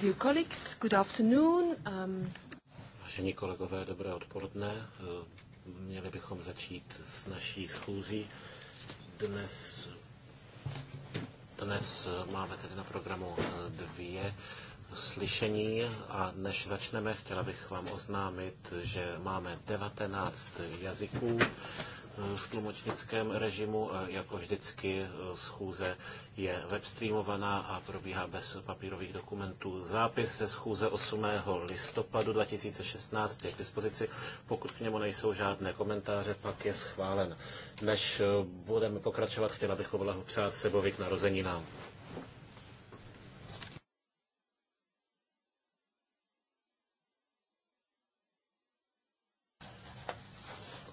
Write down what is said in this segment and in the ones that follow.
Dear colleagues, good afternoon. Um... Vážení kolegové, dobré odpoledne. Eh, měli bychom začít s naší schůzí. Dnes, dnes eh, máme tedy na programu eh, dvě slyšení a než začneme, chtěla bych vám oznámit, že máme 19 jazyků v tlumočnickém režimu. Eh, jako vždycky eh, schůze je webstreamovaná a probíhá bez papírových dokumentů. Zápis ze schůze 8. listopadu 2016 je k dispozici. Pokud k němu nejsou žádné komentáře, pak je schválen. Než eh, budeme pokračovat, chtěla bych poblahopřát Sebovi k narozeninám.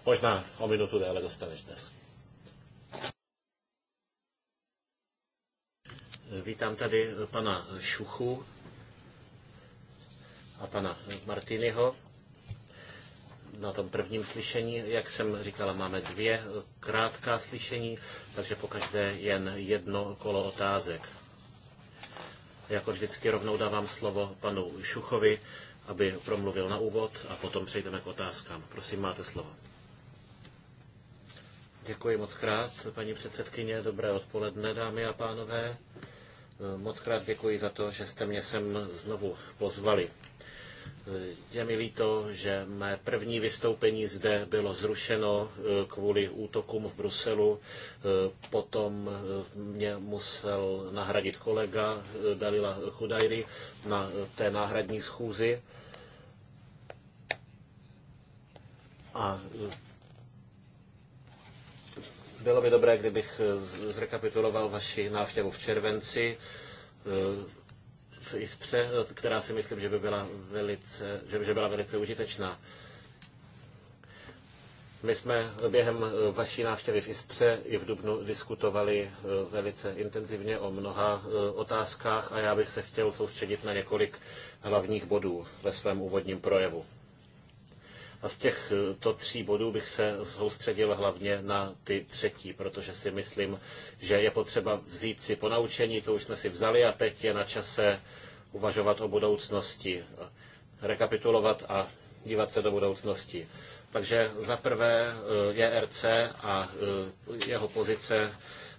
Možná o minutu déle dostaneš dnes. Vítám tady pana Šuchu a pana Martinyho na tom prvním slyšení. Jak jsem říkala, máme dvě krátká slyšení, takže po každé jen jedno kolo otázek. Jako vždycky rovnou dávám slovo panu Šuchovi, aby promluvil na úvod a potom přejdeme k otázkám. Prosím, máte slovo. Děkuji moc krát, paní předsedkyně. Dobré odpoledne, dámy a pánové. Moc krát děkuji za to, že jste mě sem znovu pozvali. Je mi líto, že mé první vystoupení zde bylo zrušeno eh, kvůli útokům v Bruselu. Eh, potom eh, mě musel nahradit kolega Dalila Chudajry na té náhradní schůzi. A bylo by dobré, kdybych eh, zrekapituloval vaši návštěvu v červenci eh, v Ispře, eh, která si myslím, že by byla velice, že by byla velice užitečná. My jsme během vaší návštěvy v Ispře i v Dubnu diskutovali velice intenzivně o mnoha otázkách a já bych se chtěl soustředit na několik hlavních bodů ve svém úvodním projevu. A z těchto eh, tří bodů bych se soustředil hlavně na ty třetí, protože si myslím, že je potřeba vzít si ponaučení, to už jsme si vzali a teď je na čase uvažovat o budoucnosti, rekapitulovat a dívat se do budoucnosti. Takže za prvé eh, JRC a eh, jeho pozice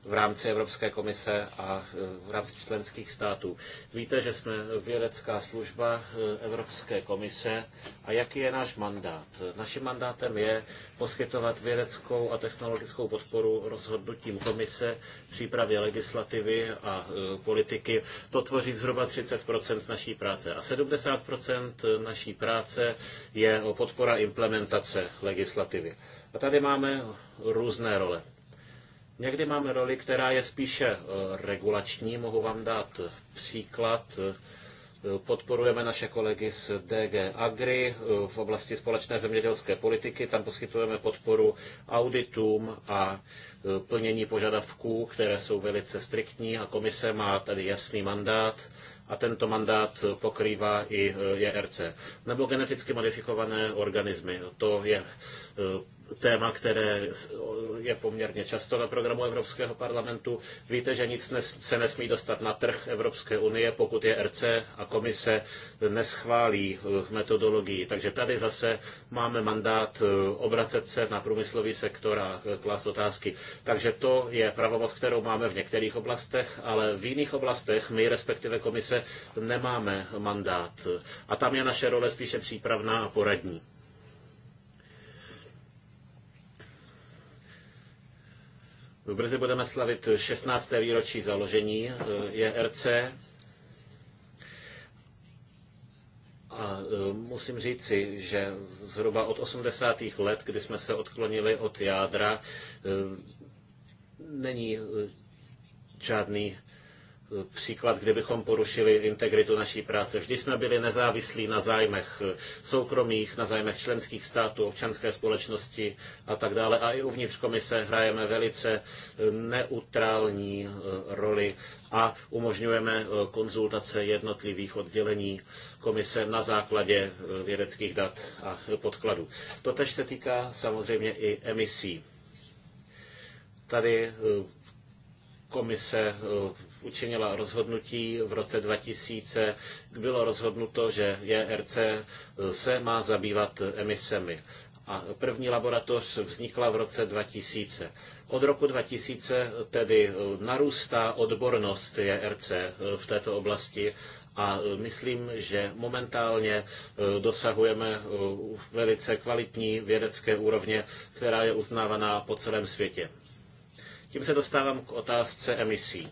v rámci Evropské komise a e, v rámci členských států. Víte, že jsme vědecká služba e, Evropské komise a jaký je náš mandát? Naším mandátem je poskytovat vědeckou a technologickou podporu rozhodnutím komise, přípravě legislativy a e, politiky. To tvoří zhruba 30 naší práce a 70 naší práce je podpora implementace legislativy. A tady máme různé role. Někdy máme roli, která je spíše eh, regulační. Mohu vám dát příklad. Eh, podporujeme naše kolegy z DG Agri eh, v oblasti společné zemědělské politiky. Tam poskytujeme podporu auditům a plnění požadavků, které jsou velice striktní a komise má tady jasný mandát a tento mandát pokrývá i JRC. Nebo geneticky modifikované organismy. To je téma, které je poměrně často na programu Evropského parlamentu. Víte, že nic se nesmí dostat na trh Evropské unie, pokud je RC a komise neschválí eh, metodologii. Takže tady zase máme mandát eh, obracet se na průmyslový sektor a eh, klást otázky. Takže to je pravomoc, kterou máme v některých oblastech, ale v jiných oblastech my, respektive komise, nemáme mandát. A tam je naše role spíše přípravná a poradní. Brzy budeme slavit 16. výročí založení JRC. Eh, e A eh, musím říci, že zhruba od 80. let, kdy jsme se odklonili od jádra, eh, není žádný příklad, kdybychom porušili integritu naší práce. Vždy jsme byli nezávislí na zájmech eh, soukromých, na zájmech členských států, občanské společnosti a tak dále. A i uvnitř komise hrajeme velice eh, neutrální eh, roli a umožňujeme konzultace jednotlivých oddělení komise na základě vědeckých dat a podkladů. Totež se týká samozřejmě i emisí. Tady komise učinila rozhodnutí v roce 2000, bylo rozhodnuto, že JRC e se má zabývat emisemi. A první laboratoř vznikla v roce 2000. Od roku 2000 tedy narůstá odbornost JRC e v této oblasti a myslím, že momentálně e, dosahujeme velice kvalitní vědecké úrovně, která je uznávaná po celém světě. Tím se dostávám k otázce emisí.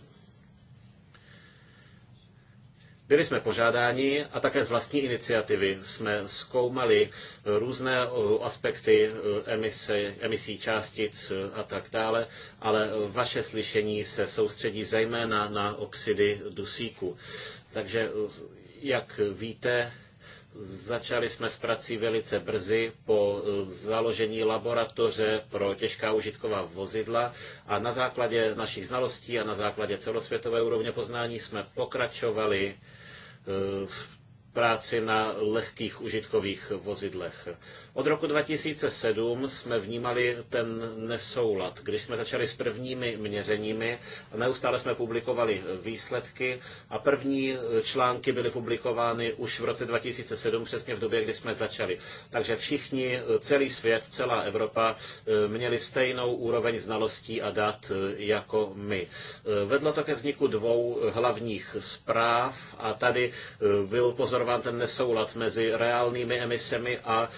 Byli jsme požádáni a také z vlastní iniciativy jsme zkoumali různé aspekty e, emise, emisí částic e, a tak dále, ale vaše slyšení se soustředí zejména na oxidy dusíku. Takže, e, jak víte, Začali jsme s prací velice brzy po založení laboratoře pro těžká užitková vozidla a na základě našich znalostí a na základě celosvětové úrovně poznání jsme pokračovali Eh, v práci na lehkých užitkových vozidlech. Od roku 2007 jsme vnímali ten nesoulad, když jsme začali s prvními měřeními. Neustále jsme publikovali výsledky a první články byly publikovány už v roce 2007, přesně v době, kdy jsme začali. Takže všichni, celý svět, celá Evropa eh, měli stejnou úroveň znalostí a dat eh, jako my. Eh, vedlo to ke vzniku dvou hlavních zpráv a tady byl pozorován ten nesoulad mezi reálnými emisemi a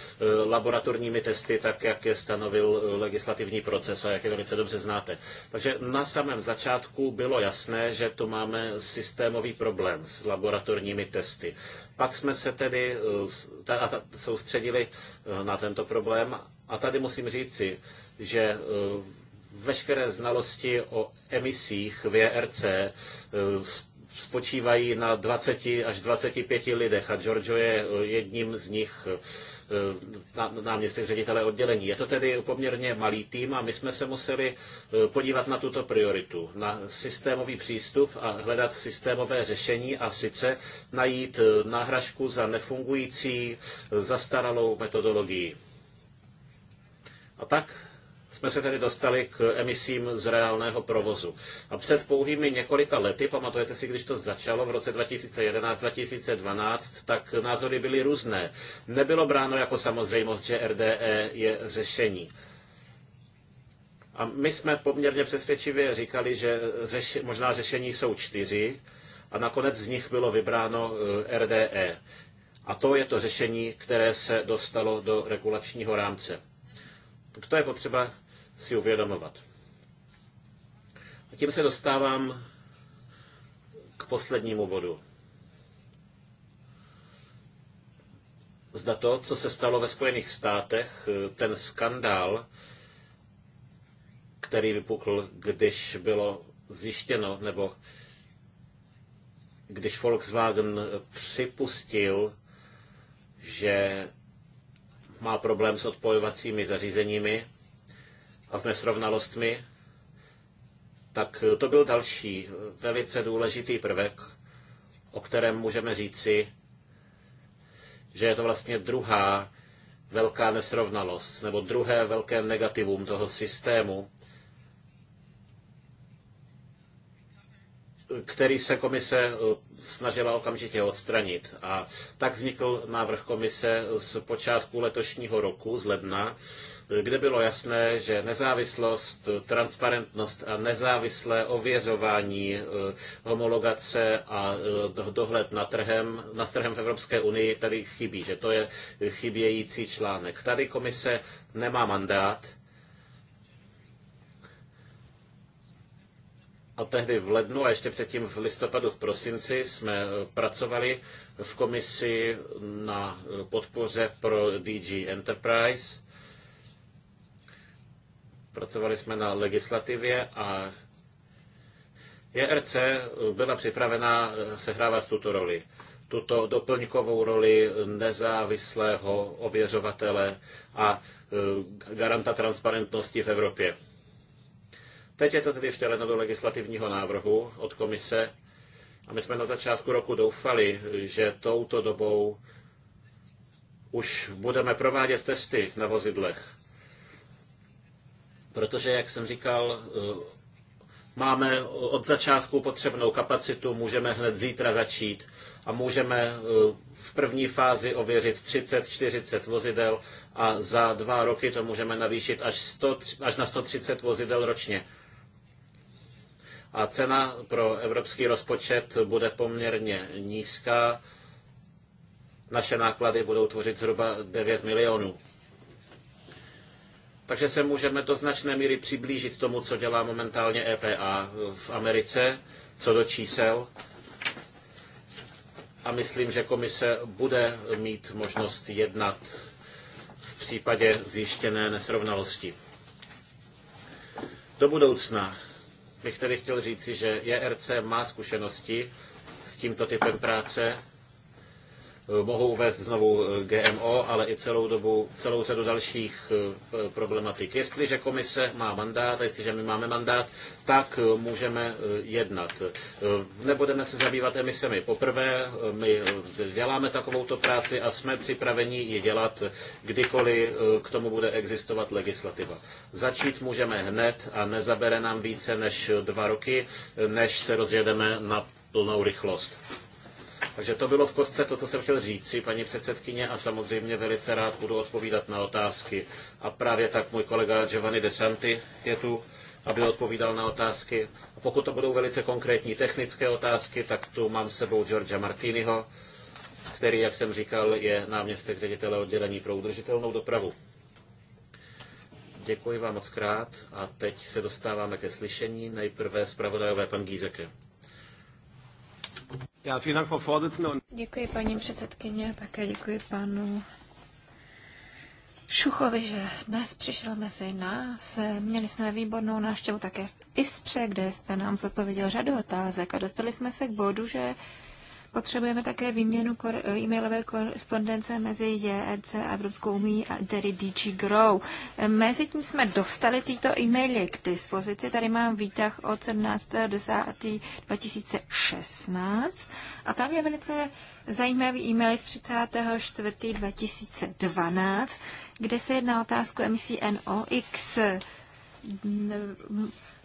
laboratorními testy, tak jak je stanovil legislativní proces a jak je velice dobře znáte. Takže na samém začátku bylo jasné, že tu máme systémový problém s laboratorními testy. Pak jsme se tedy eh, soustředili eh, na tento problém a tady musím říci, že eh, veškeré znalosti o emisích VRC spočívají na 20 až 25 lidech a Giorgio je jedním z nich. Eh, náměstek ředitele oddělení. Je to tedy poměrně malý tým a my jsme se museli eh, podívat na tuto prioritu, na systémový přístup a hledat systémové řešení a sice najít eh, náhražku za nefungující, zastaralou metodologii. A tak jsme se tedy dostali k emisím z reálného provozu. A před pouhými několika lety, pamatujete si, když to začalo v roce 2011-2012, tak názory byly různé. Nebylo bráno jako samozřejmost, že RDE je řešení. A my jsme poměrně přesvědčivě říkali, že řeši, možná řešení jsou čtyři a nakonec z nich bylo vybráno eh, RDE. A to je to řešení, které se dostalo do regulačního rámce. To je potřeba si uvědomovat. A tím se dostávám k poslednímu bodu. Zda to, co se stalo ve Spojených státech, ten skandál, který vypukl, když bylo zjištěno, nebo když Volkswagen připustil, že má problém s odpojovacími zařízeními, a s nesrovnalostmi, tak to byl další velice důležitý prvek, o kterém můžeme říci, že je to vlastně druhá velká nesrovnalost, nebo druhé velké negativum toho systému, který se komise eh, snažila okamžitě odstranit. A tak vznikl návrh komise z počátku letošního roku, z ledna, kde bylo jasné, že nezávislost, transparentnost a nezávislé ověřování e, homologace a e, dohled nad trhem, nad trhem v Evropské unii tady chybí, že to je chybějící článek. Tady komise nemá mandát, a tehdy v lednu a ještě předtím v listopadu, v prosinci jsme e, pracovali v komisi na podpoře pro DG Enterprise. Pracovali jsme na legislativě a JRC e byla připravena sehrávat tuto roli, tuto doplňkovou roli nezávislého ověřovatele a e, garanta transparentnosti v Evropě. Teď je to tedy vtěleno do legislativního návrhu od komise a my jsme na začátku roku doufali, že touto dobou už budeme provádět testy na vozidlech. Protože, jak jsem říkal, eh, máme od začátku potřebnou kapacitu, můžeme hned zítra začít a můžeme eh, v první fázi ověřit 30-40 vozidel a za dva roky to můžeme navýšit až, 100, až na 130 vozidel ročně. A cena pro evropský rozpočet bude poměrně nízká. Naše náklady budou tvořit zhruba 9 milionů. Takže se můžeme do značné míry přiblížit tomu, co dělá momentálně EPA v Americe, co do čísel. A myslím, že komise bude mít možnost jednat v případě zjištěné nesrovnalosti. Do budoucna bych tedy chtěl říci, že JRC e má zkušenosti s tímto typem práce Eh, Mohu uvést znovu eh, GMO, ale i celou dobu, celou řadu dalších eh, problematik. Jestliže komise má mandát, a jestliže my máme mandát, tak můžeme jednat. Nebudeme se zabývat emisemi. Poprvé my děláme takovouto práci a jsme připraveni ji dělat, kdykoliv k tomu bude existovat legislativa. Začít můžeme hned a nezabere nám více než dva roky, než se rozjedeme na plnou rychlost. Takže to bylo v kostce to, co jsem chtěl říci, paní předsedkyně, a samozřejmě velice rád budu odpovídat na otázky. A právě tak můj kolega Giovanni De Santi je tu, aby odpovídal na otázky. A pokud to budou velice konkrétní technické otázky, tak tu mám s sebou Georgia Martiniho, který, jak jsem říkal, je náměstek ředitele oddělení pro udržitelnou dopravu. Děkuji vám moc krát a teď se dostáváme ke slyšení. Nejprve zpravodajové pan Gízeke. Děkuji paní předsedkyně, také děkuji panu Šuchovi, že dnes přišel mezi nás. Měli jsme výbornou návštěvu také v Ispře, kde jste nám zodpověděl řadu otázek a dostali jsme se k bodu, že Potřebujeme také výměnu e-mailové korespondence mezi JRC e a Evropskou unii a tedy DG Grow. tím jsme dostali tyto e-maily k dispozici. Tady mám výtah od 17. 10. 2016 a tam je velice zajímavý e-mail z 4. 2012, kde se jedná otázku emisí NOx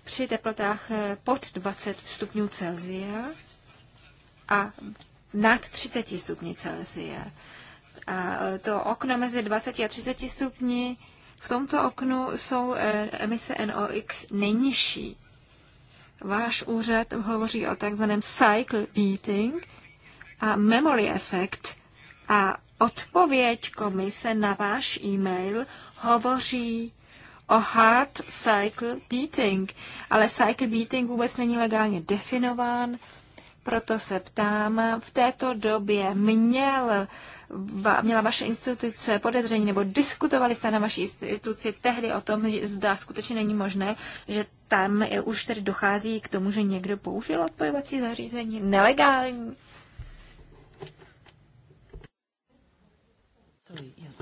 při teplotách eh, pod 20 stupňů Celsia a nad 30 stupni Celsia. A to okno mezi 20 a 30 stupni, v tomto oknu jsou eh, emise NOx nejnižší. Váš úřad hovoří o takzvaném cycle beating a memory effect a odpověď komise na váš e-mail hovoří o hard cycle beating, ale cycle beating vůbec není legálně definován proto se ptám, v této době měl měla vaše instituce podezření, nebo diskutovali jste na vaší instituci tehdy o tom, že zda skutečně není možné, že tam je, už tedy dochází k tomu, že někdo použil odpojovací zařízení nelegální? Sorry, yes.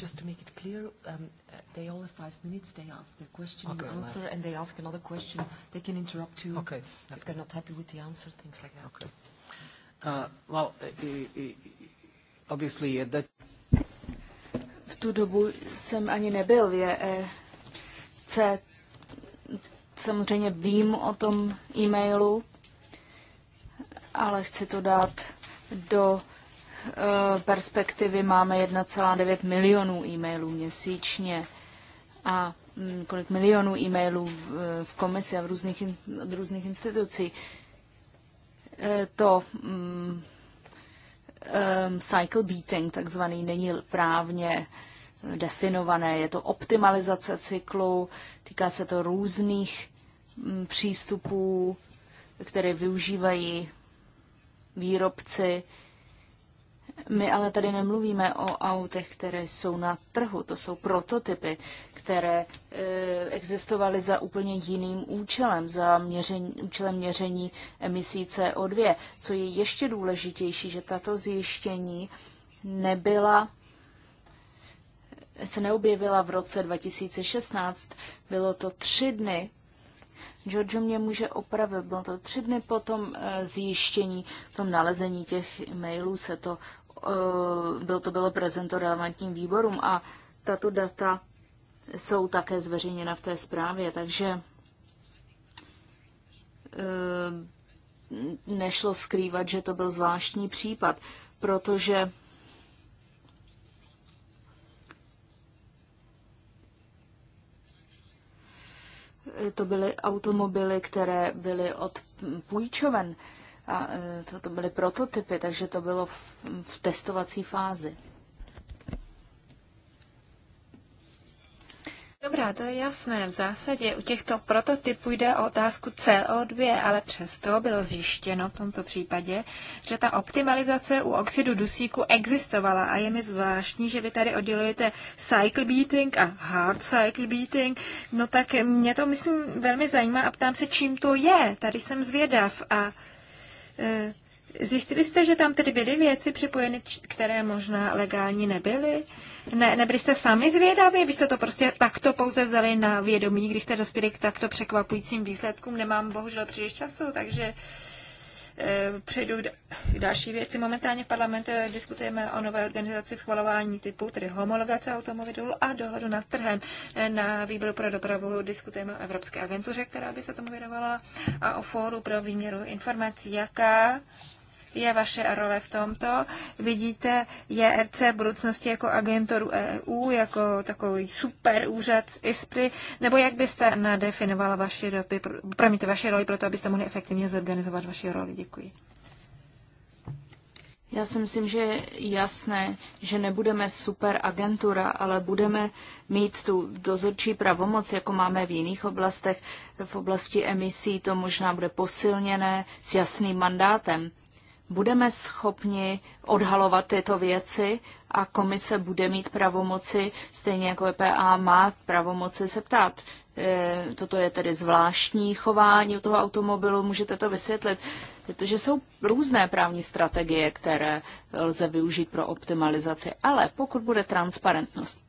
Just to make it clear, um, They all have five minutes. They ask their question, okay, you answer, and they ask another question. They can interrupt you okay, if okay. they're not happy with the answer, things like that. Okay. Uh, well, uh, uh, uh, obviously that... V tu dobu jsem ani nebyl v JEC. Samozřejmě vím o tom e-mailu, ale chci to dát do eh, perspektivy máme 1,9 milionů e-mailů měsíčně a mm, kolik milionů e-mailů v komisi a v různých, od různých institucí. E, to um, um, cycle beating, takzvaný, není právně definované. Je to optimalizace cyklu, týká se to různých um, přístupů, které využívají výrobci. My ale tady nemluvíme o autech, které jsou na trhu, to jsou prototypy, které e, existovaly za úplně jiným účelem, za měření, účelem měření emisí CO2. Co je ještě důležitější, že tato zjištění nebyla se neobjevila v roce 2016, bylo to tři dny Giorgio mě může opravit. Bylo to tři dny po tom e, zjištění, tom nalezení těch mailů se to, e, bylo to bylo prezento relevantním výborům a tato data jsou také zveřejněna v té zprávě, takže eh, nešlo skrývat, že to byl zvláštní případ, protože to byly automobily, které byly od půjčoven. A eh, to, to byly prototypy, takže to bylo v, v testovací fázi. Dobrá, to je jasné. V zásadě u těchto prototypů jde o otázku CO2, ale přesto bylo zjištěno v tomto případě, že ta optimalizace u oxidu dusíku existovala a je mi zvláštní, že vy tady oddělujete cycle beating a hard cycle beating. No tak mě to, myslím, velmi zajímá a ptám se, čím to je. Tady jsem zvědav a... Eh, Zjistili jste, že tam tedy byly věci připojeny, které možná legální nebyly? Ne, nebyli jste sami zvědaví, vy jste to prostě takto pouze vzali na vědomí, když jste dospěli k takto překvapujícím výsledkům. Nemám bohužel příliš času, takže eh, přejdu k další věci. Momentálně v parlamentu eh, diskutujeme o nové organizaci schvalování typu, tedy homologace automobilů a dohledu nad trhem. Eh, na výboru pro dopravu diskutujeme o Evropské agentuře, která by se tomu věnovala, a o fóru pro výměru informací, jaká je vaše role v tomto? Vidíte JRC budoucnosti jako agenturu EU, jako takový super úřad ISPRI, nebo jak byste nadefinovala vaši, roli, promiňte, vaši roli pro to, abyste mohli efektivně zorganizovat vaši roli? Děkuji. Já si myslím, že je jasné, že nebudeme super agentura, ale budeme mít tu dozorčí pravomoc, jako máme v jiných oblastech. V oblasti emisí to možná bude posilněné s jasným mandátem budeme schopni odhalovat tyto věci a komise bude mít pravomoci, stejně jako EPA má pravomoci se ptát. E, toto je tedy zvláštní chování u toho automobilu, můžete to vysvětlit, protože jsou různé právní strategie, které lze využít pro optimalizaci, ale pokud bude transparentnost,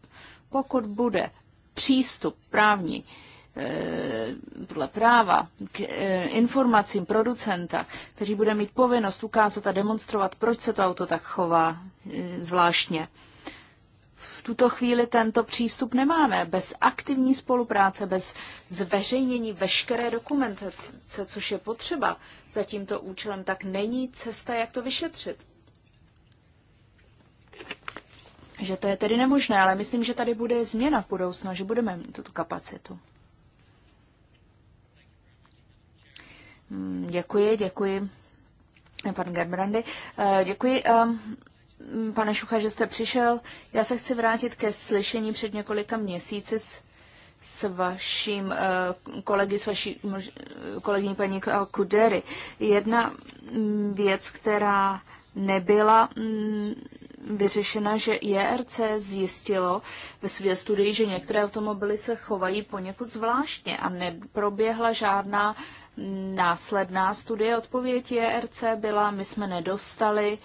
pokud bude přístup právní, Eh, podle práva k eh, informacím producenta, kteří bude mít povinnost ukázat a demonstrovat, proč se to auto tak chová eh, zvláštně. V tuto chvíli tento přístup nemáme. Bez aktivní spolupráce, bez zveřejnění veškeré dokumentace, což je potřeba za tímto účelem, tak není cesta, jak to vyšetřit. Že to je tedy nemožné, ale myslím, že tady bude změna v budoucnu, že budeme mít tuto kapacitu. Mm, děkuji, děkuji. Pan Gerbrandy, eh, děkuji. Ehm, mm, pane Šucha, že jste přišel. Já se chci vrátit ke slyšení před několika měsíci s, s vaším eh, kolegy, s vaší kolegyní paní Kudery. Jedna mm, věc, která nebyla vyřešena, že IRC zjistilo ve své studii, že některé automobily se chovají poněkud zvláštně a neproběhla žádná následná studie. Odpověď IRC byla, my jsme nedostali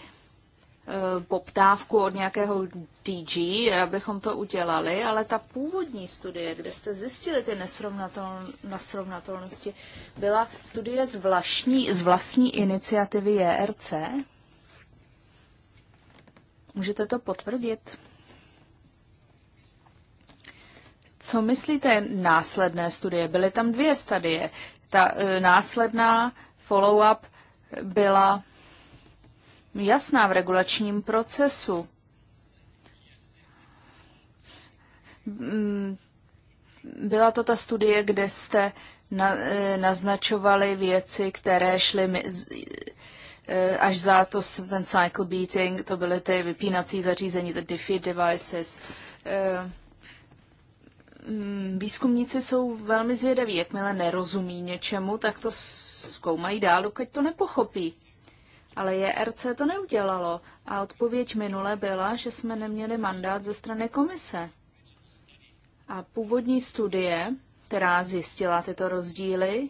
eh, poptávku od nějakého DG, abychom to udělali, ale ta původní studie, kde jste zjistili ty nesrovnatelnosti, byla studie z vlastní, z vlastní iniciativy JRC, Můžete to potvrdit? Co myslíte následné studie? Byly tam dvě studie. Ta e, následná follow-up byla jasná v regulačním procesu. Mm, byla to ta studie, kde jste na, e, naznačovali věci, které šly mi, z, Eh, až za to ten cycle beating, to byly ty vypínací zařízení, the diffie devices. Eh, mm, výzkumníci jsou velmi zvědaví, jakmile nerozumí něčemu, tak to zkoumají dál, dokud to nepochopí. Ale JRC to neudělalo a odpověď minule byla, že jsme neměli mandát ze strany komise. A původní studie, která zjistila tyto rozdíly,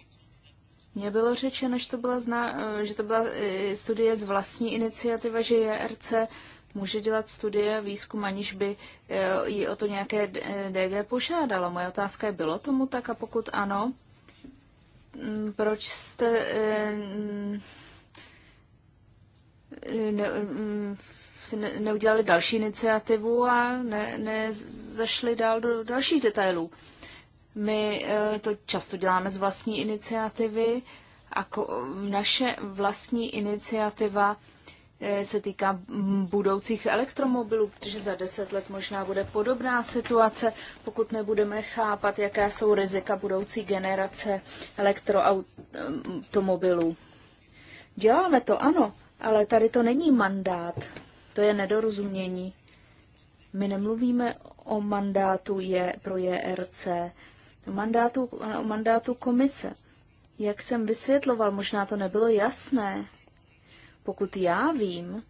mně bylo řečeno, že to byla, zna, eh, že to byla eh, studie z vlastní iniciativa, že JRC může dělat studie výzkum, aniž by eh, ji o to nějaké DG požádalo. Moje otázka je, bylo tomu tak a pokud ano, mm, proč jste ne, mm, ne, neudělali další iniciativu a ne, nezašli dál do dalších detailů? My eh, to často děláme z vlastní iniciativy a naše vlastní iniciativa eh, se týká budoucích elektromobilů, protože za deset let možná bude podobná situace, pokud nebudeme chápat, jaká jsou rizika budoucí generace elektroautomobilů. Děláme to, ano, ale tady to není mandát. To je nedorozumění. My nemluvíme o mandátu je pro JRC mandátu, eh, mandátu komise. Jak jsem vysvětloval, možná to nebylo jasné. Pokud já vím,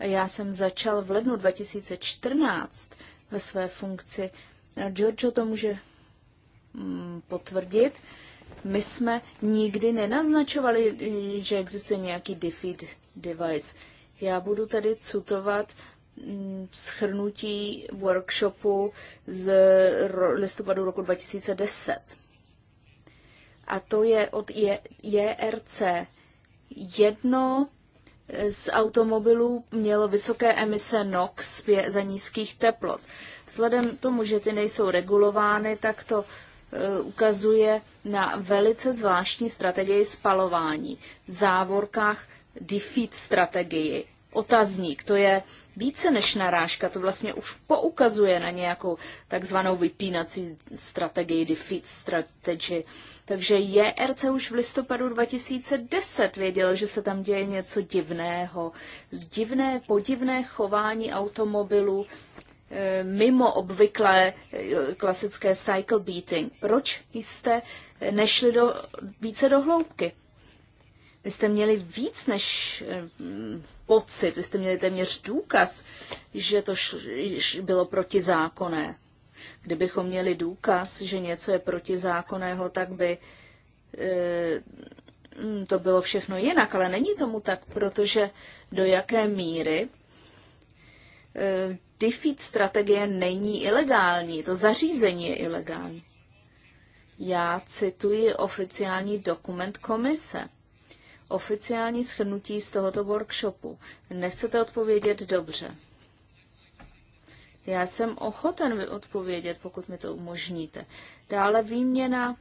já jsem začal v lednu 2014 ve své funkci. Giorgio to může mm, potvrdit. My jsme nikdy nenaznačovali, že existuje nějaký defeat device. Já budu tady citovat Mm, schrnutí workshopu z listopadu roku 2010. A to je od JRC. Jedno z automobilů mělo vysoké emise NOx za nízkých teplot. Vzhledem k tomu, že ty nejsou regulovány, tak to e, ukazuje na velice zvláštní strategii spalování, v závorkách defeat strategii, otazník. To je více než narážka, to vlastně už poukazuje na nějakou takzvanou vypínací strategii, defeat strategy. Takže JRC už v listopadu 2010 věděl, že se tam děje něco divného. Divné, podivné chování automobilů eh, mimo obvyklé eh, klasické cycle beating. Proč jste eh, nešli do, více do hloubky? Vy jste měli víc než pocit, vy jste měli téměř důkaz, že to bylo protizákonné. Kdybychom měli důkaz, že něco je protizákonného, tak by e, mm, to bylo všechno jinak, ale není tomu tak, protože do jaké míry e, defeat strategie není ilegální, to zařízení je ilegální. Já cituji oficiální dokument komise oficiální shrnutí z tohoto workshopu. Nechcete odpovědět dobře. Já jsem ochoten odpovědět, pokud mi to umožníte. Dále výměna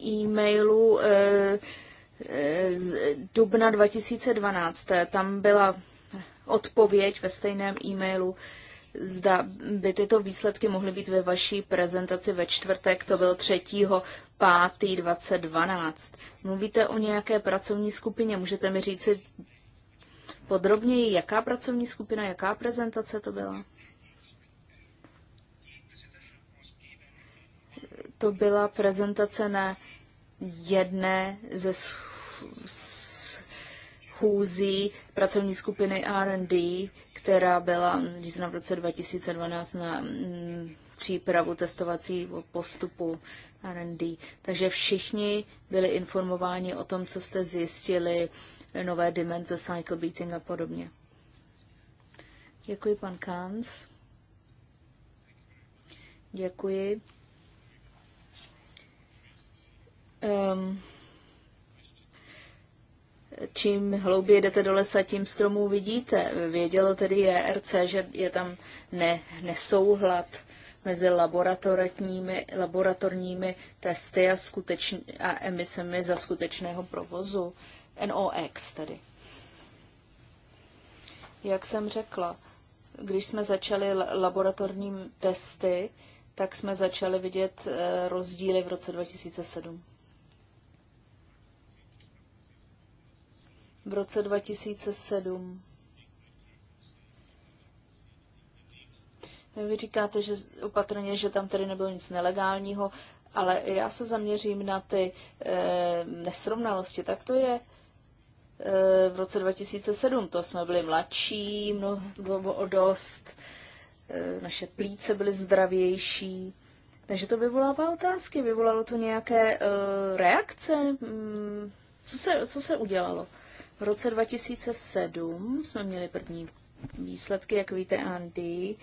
e-mailů eh, eh, z dubna 2012. Tam byla odpověď ve stejném e-mailu zda by tyto výsledky mohly být ve vaší prezentaci ve čtvrtek, to byl 3. 5. 2012. Mluvíte o nějaké pracovní skupině, můžete mi říct podrobněji, jaká pracovní skupina, jaká prezentace to byla? To byla prezentace na jedné ze schůzí pracovní skupiny R&D která byla řízena v roce 2012 na mm, přípravu testovacího postupu R&D. Takže všichni byli informováni o tom, co jste zjistili, nové dimenze, cycle beating a podobně. Děkuji, pan Kans. Děkuji. Um, čím hlouběji jdete do lesa, tím stromů vidíte. Vědělo tedy JRC, že je tam ne, nesouhlad mezi laboratorními, laboratorními testy a, skuteč, a emisemi za skutečného provozu. NOx tedy. Jak jsem řekla, když jsme začali laboratorním testy, tak jsme začali vidět eh, rozdíly v roce 2007. v roce 2007. Vy říkáte, že opatrně, že tam tedy nebylo nic nelegálního, ale já se zaměřím na ty e, nesrovnalosti. Tak to je e, v roce 2007, to jsme byli mladší, mnoho o dost, e, naše plíce byly zdravější. Takže to vyvolává otázky, vyvolalo to nějaké e, reakce. Mm, co se, co se udělalo? V roce 2007 jsme měli první výsledky, jak víte, Andy.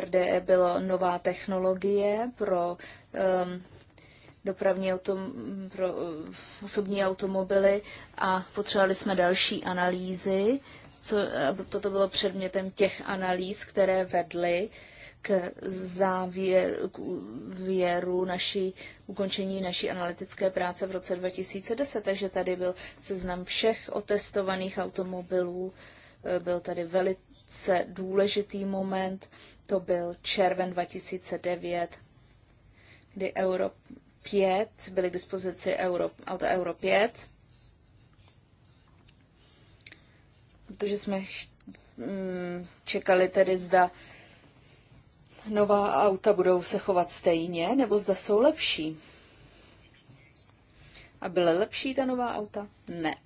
RDE bylo nová technologie pro um, dopravní autom, pro uh, osobní automobily a potřebovali jsme další analýzy. Co, toto bylo předmětem těch analýz, které vedly uh, k závěru naší, ukončení naší analytické práce v roce 2010, takže tady byl seznam všech otestovaných automobilů, eh, byl tady velice důležitý moment, to byl červen 2009, kdy Euro 5, byly k dispozici Euro, auto Euro 5, protože jsme mm, čekali tedy, zda nová auta budou se chovat stejně, nebo zda jsou lepší. A byly lepší ta nová auta? Ne.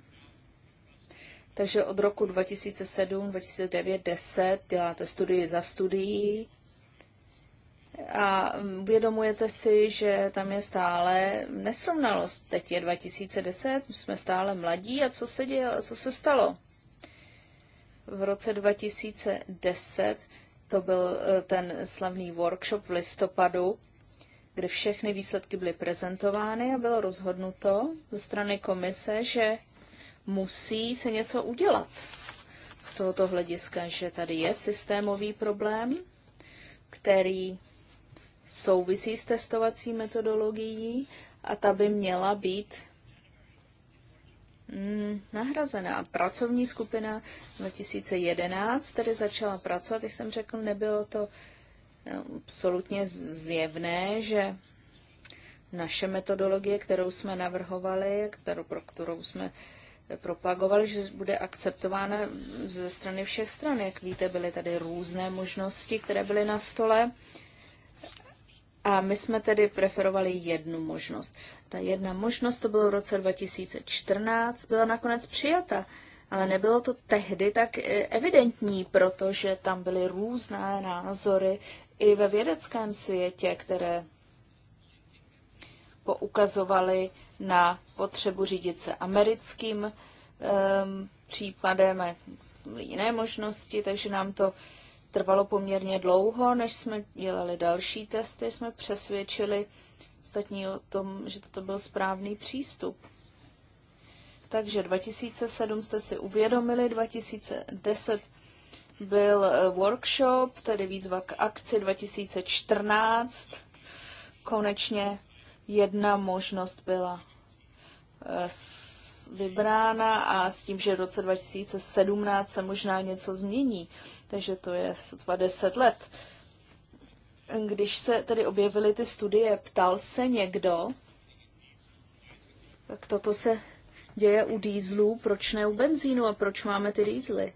Takže od roku 2007, 2009, 2010 děláte studii za studií a uvědomujete si, že tam je stále nesrovnalost. Teď je 2010, jsme stále mladí a co se, dělo, co se stalo? V roce 2010 to byl eh, ten slavný workshop v listopadu, kde všechny výsledky byly prezentovány a bylo rozhodnuto ze strany komise, že musí se něco udělat z tohoto hlediska, že tady je systémový problém, který souvisí s testovací metodologií a ta by měla být Mm, nahrazená Pracovní skupina 2011 tedy začala pracovat, jak jsem řekl, nebylo to no, absolutně zjevné, že naše metodologie, kterou jsme navrhovali, kterou, pro kterou jsme propagovali, že bude akceptována ze strany všech stran. Jak víte, byly tady různé možnosti, které byly na stole. A my jsme tedy preferovali jednu možnost. Ta jedna možnost, to bylo v roce 2014, byla nakonec přijata, ale nebylo to tehdy tak eh, evidentní, protože tam byly různé názory i ve vědeckém světě, které poukazovaly na potřebu řídit se americkým um, případem a jiné možnosti, takže nám to Trvalo poměrně dlouho, než jsme dělali další testy, jsme přesvědčili ostatní o tom, že toto byl správný přístup. Takže 2007 jste si uvědomili, 2010 byl eh, workshop, tedy výzva k akci 2014. Konečně jedna možnost byla eh, vybrána a s tím, že v roce 2017 se možná něco změní takže to je 20 let. Když se tedy objevily ty studie, ptal se někdo, tak toto se děje u dýzlů, proč ne u benzínu a proč máme ty dýzly?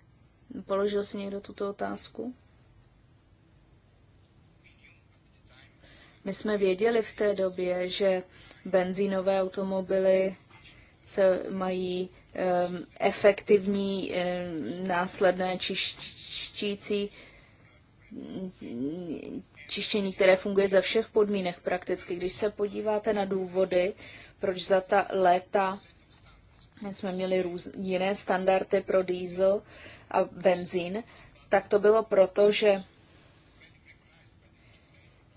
Položil si někdo tuto otázku? My jsme věděli v té době, že benzínové automobily se mají um, efektivní um, následné čištění čištící čištění, které funguje za všech podmínek prakticky. Když se podíváte na důvody, proč za ta léta jsme měli růz, jiné standardy pro diesel a benzín, tak to bylo proto, že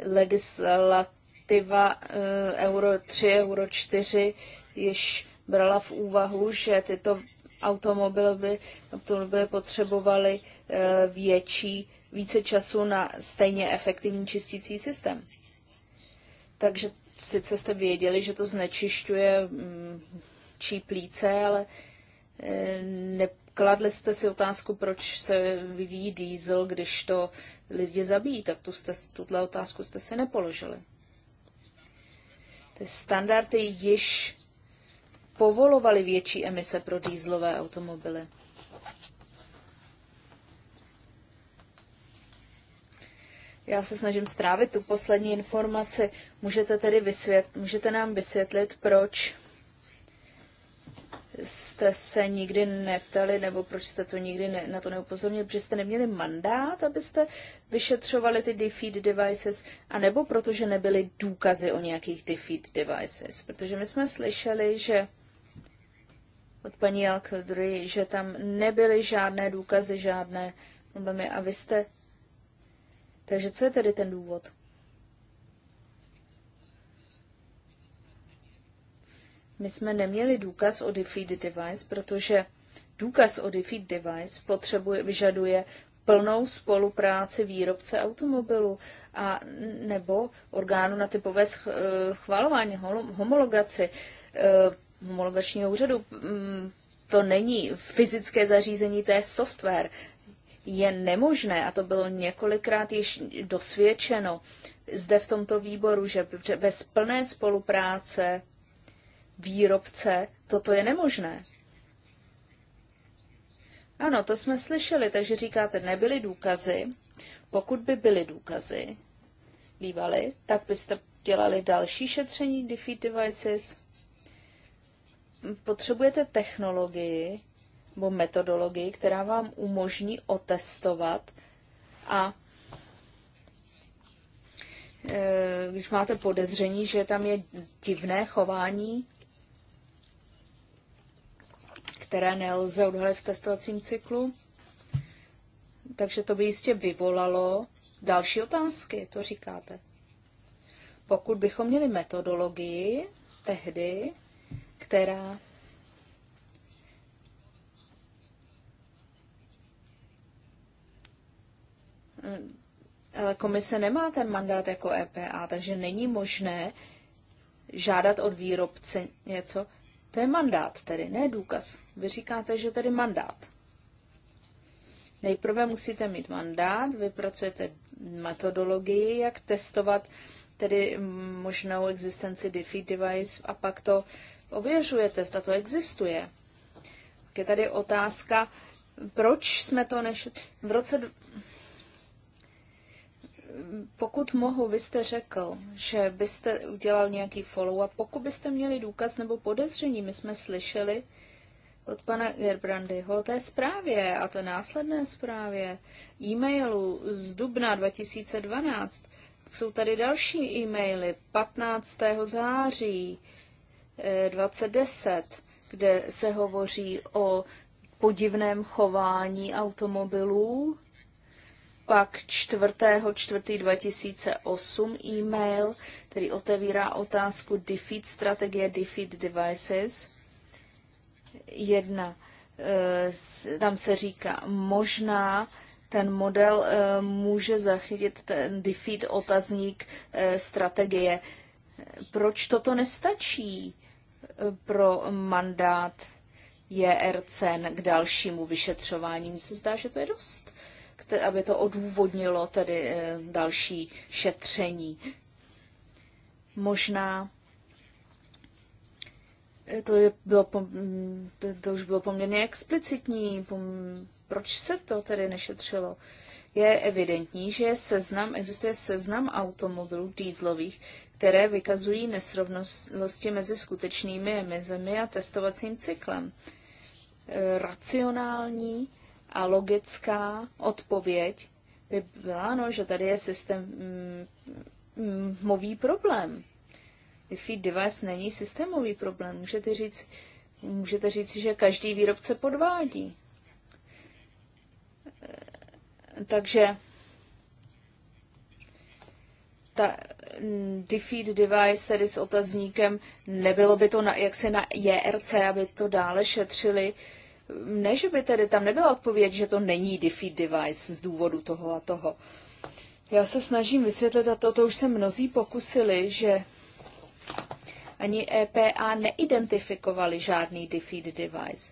legislativa eh, Euro 3, Euro 4 již brala v úvahu, že tyto automobily, automobily potřebovaly eh, větší, více času na stejně efektivní čistící systém. Takže sice jste věděli, že to znečišťuje mm, čí plíce, ale eh, nekladli jste si otázku, proč se vyvíjí diesel, když to lidi zabíjí, tak tu jste, tuto otázku jste si nepoložili. Ty standardy již povolovaly větší emise pro dýzlové automobily. Já se snažím strávit tu poslední informaci. Můžete tedy vysvět, můžete nám vysvětlit, proč jste se nikdy neptali, nebo proč jste to nikdy ne, na to neupozornili, protože jste neměli mandát, abyste vyšetřovali ty defeat devices, anebo protože nebyly důkazy o nějakých defeat devices. Protože my jsme slyšeli, že od paní al že tam nebyly žádné důkazy, žádné problémy a vy jste... Takže co je tedy ten důvod? My jsme neměli důkaz o defeat device, protože důkaz o defeat device potřebuje, vyžaduje plnou spolupráci výrobce automobilu a nebo orgánu na typové eh, schvalování, homologaci. Eh, homologačního úřadu. Mm, to není fyzické zařízení, to je software. Je nemožné, a to bylo několikrát již dosvědčeno zde v tomto výboru, že bez plné spolupráce výrobce toto je nemožné. Ano, to jsme slyšeli, takže říkáte, nebyly důkazy. Pokud by byly důkazy, bývaly, tak byste dělali další šetření Defeat Devices potřebujete technologii nebo metodologii, která vám umožní otestovat a e, když máte podezření, že tam je divné chování, které nelze odhalit v testovacím cyklu, takže to by jistě vyvolalo další otázky, to říkáte. Pokud bychom měli metodologii tehdy, která ale komise nemá ten mandát jako EPA, takže není možné žádat od výrobce něco. To je mandát tedy, ne důkaz. Vy říkáte, že tedy mandát. Nejprve musíte mít mandát, vypracujete metodologii, jak testovat tedy možnou existenci defeat device a pak to ověřujete, zda to existuje. Je tady otázka, proč jsme to než... V roce... Pokud mohu, vy jste řekl, že byste udělal nějaký follow-up, pokud byste měli důkaz nebo podezření, my jsme slyšeli od pana Gerbrandyho o té zprávě a to následné zprávě e-mailu z dubna 2012. Jsou tady další e-maily 15. září, 2010, e, kde se hovoří o podivném chování automobilů, pak 4. 4. 2008 e-mail, který otevírá otázku defeat strategie defeat devices. Jedna. E, tam se říká, možná ten model e, může zachytit ten defeat otazník strategie. Proč toto nestačí? pro mandát JRC k dalšímu vyšetřování. Mně se zdá, že to je dost, aby to odůvodnilo tedy eh, další šetření. Možná eh, to, je, bylo, to, to už bylo poměrně explicitní. Proč se to tedy nešetřilo? je evidentní, že seznam, existuje seznam automobilů dýzlových, které vykazují nesrovnalosti mezi skutečnými emizemi a testovacím cyklem. E, racionální a logická odpověď by byla, no, že tady je systém mm, mm, mový problém. Wi-Fi device není systémový problém. Můžete říct, můžete říct, že každý výrobce podvádí. Takže ta defeat device, tedy s otazníkem, nebylo by to na, jaksi na JRC, e aby to dále šetřili. Ne, že by tedy tam nebyla odpověď, že to není defeat device z důvodu toho a toho. Já se snažím vysvětlit, a to, to už se mnozí pokusili, že ani EPA neidentifikovali žádný defeat device.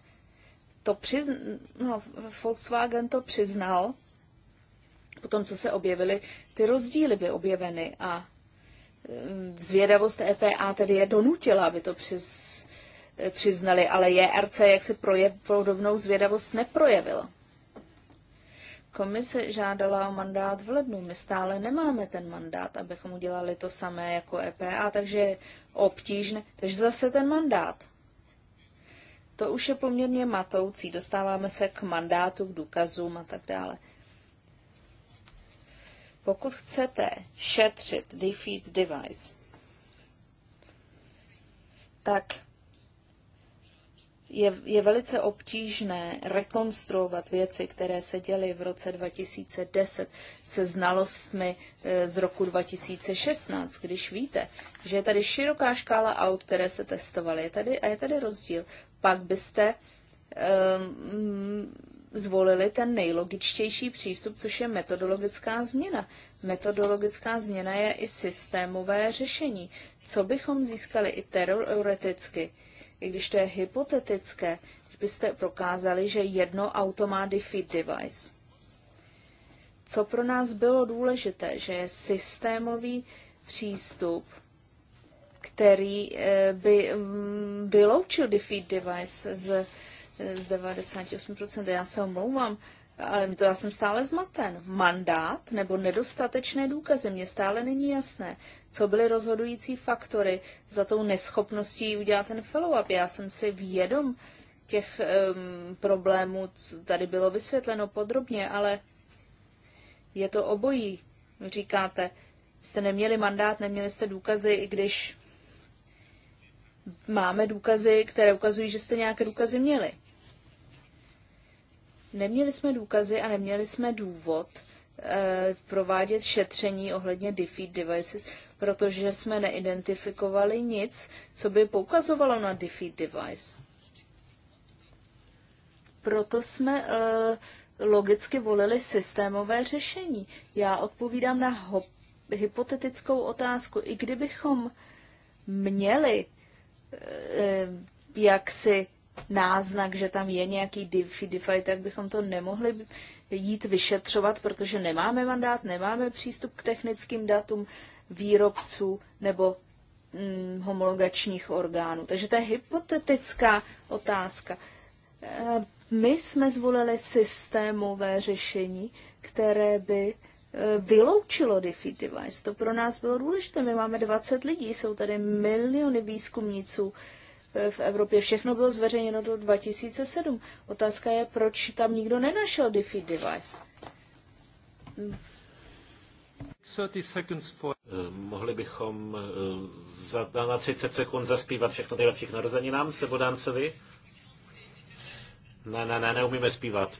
To přizn... no, Volkswagen to přiznal, potom, co se objevily, ty rozdíly by objeveny a eh, zvědavost EPA tedy je donutila, aby to přiz, eh, přiznali, ale JRC jak se projev, podobnou zvědavost neprojevila. Komise žádala o mandát v lednu. My stále nemáme ten mandát, abychom udělali to samé jako EPA, takže je obtížné. Takže zase ten mandát. To už je poměrně matoucí. Dostáváme se k mandátu, k důkazům a tak dále. Pokud chcete šetřit defeat device, tak je, je velice obtížné rekonstruovat věci, které se děly v roce 2010 se znalostmi e, z roku 2016, když víte, že je tady široká škála aut, které se testovaly je tady, a je tady rozdíl. Pak byste um, zvolili ten nejlogičtější přístup, což je metodologická změna. Metodologická změna je i systémové řešení. Co bychom získali i teoreticky, i když to je hypotetické, byste prokázali, že jedno auto má defeat device. Co pro nás bylo důležité, že je systémový přístup, který eh, by mm, vyloučil defeat device z z 98%. Já se omlouvám, ale to já jsem stále zmaten. Mandát nebo nedostatečné důkazy, mě stále není jasné. Co byly rozhodující faktory za tou neschopností udělat ten follow-up? Já jsem si vědom těch um, problémů, tady bylo vysvětleno podrobně, ale je to obojí. Říkáte, jste neměli mandát, neměli jste důkazy, i když máme důkazy, které ukazují, že jste nějaké důkazy měli. Neměli jsme důkazy a neměli jsme důvod eh, provádět šetření ohledně defeat devices, protože jsme neidentifikovali nic, co by poukazovalo na defeat device. Proto jsme eh, logicky volili systémové řešení. Já odpovídám na ho, hypotetickou otázku. I kdybychom měli e, jaksi náznak, že tam je nějaký DeFi, tak bychom to nemohli jít vyšetřovat, protože nemáme mandát, nemáme přístup k technickým datům výrobců nebo hm, homologačních orgánů. Takže to je hypotetická otázka. Eh, my jsme zvolili systémové řešení, které by eh, vyloučilo DeFi device. To pro nás bylo důležité. My máme 20 lidí, jsou tady miliony výzkumníců, v Evropě. Všechno bylo zveřejněno do 2007. Otázka je, proč tam nikdo nenašel defeat device. Eh, mohli bychom eh, za, na 30 sekund zaspívat všechno nejlepších narozeninám Sebodáncovi? Ne, ne, ne, neumíme zpívat.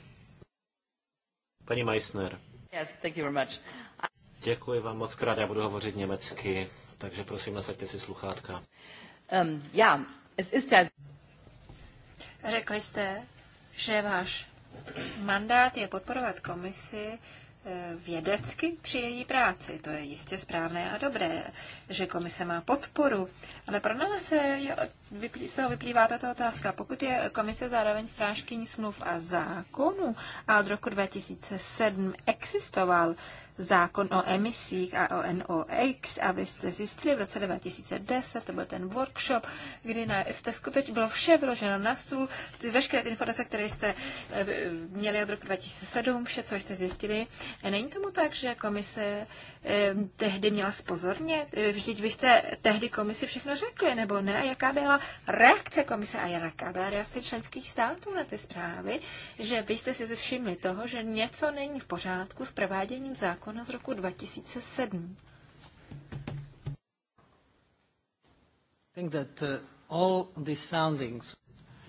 Paní Meissner. Yes, thank you very much. I... Děkuji vám moc krát, já budu hovořit německy, takže prosím, nasaďte si sluchátka. Um, já, yeah. Es ist ja... Řekli jste, že váš mandát je podporovat komisi eh, vědecky při její práci. To je jistě správné a dobré, že komise má podporu. Ale pro nás je, vyplý, z toho vyplývá tato otázka. Pokud je komise zároveň strážkyní smluv a zákonů a od roku 2007 existoval zákon o emisích a o NOx abyste zjistili v roce 2010, to byl ten workshop, kdy na, jste skutečně bylo vše vyloženo na stůl, ty veškeré ty informace, které jste eh, měli od roku 2007, vše, co jste zjistili. Eh, není tomu tak, že komise eh, tehdy měla spozorně? Vždyť byste tehdy komisi všechno řekli, nebo ne? A jaká byla reakce komise a jaká byla reakce členských států na ty zprávy, že byste si všimli toho, že něco není v pořádku s prováděním zákona zákona z roku 2007. Uh,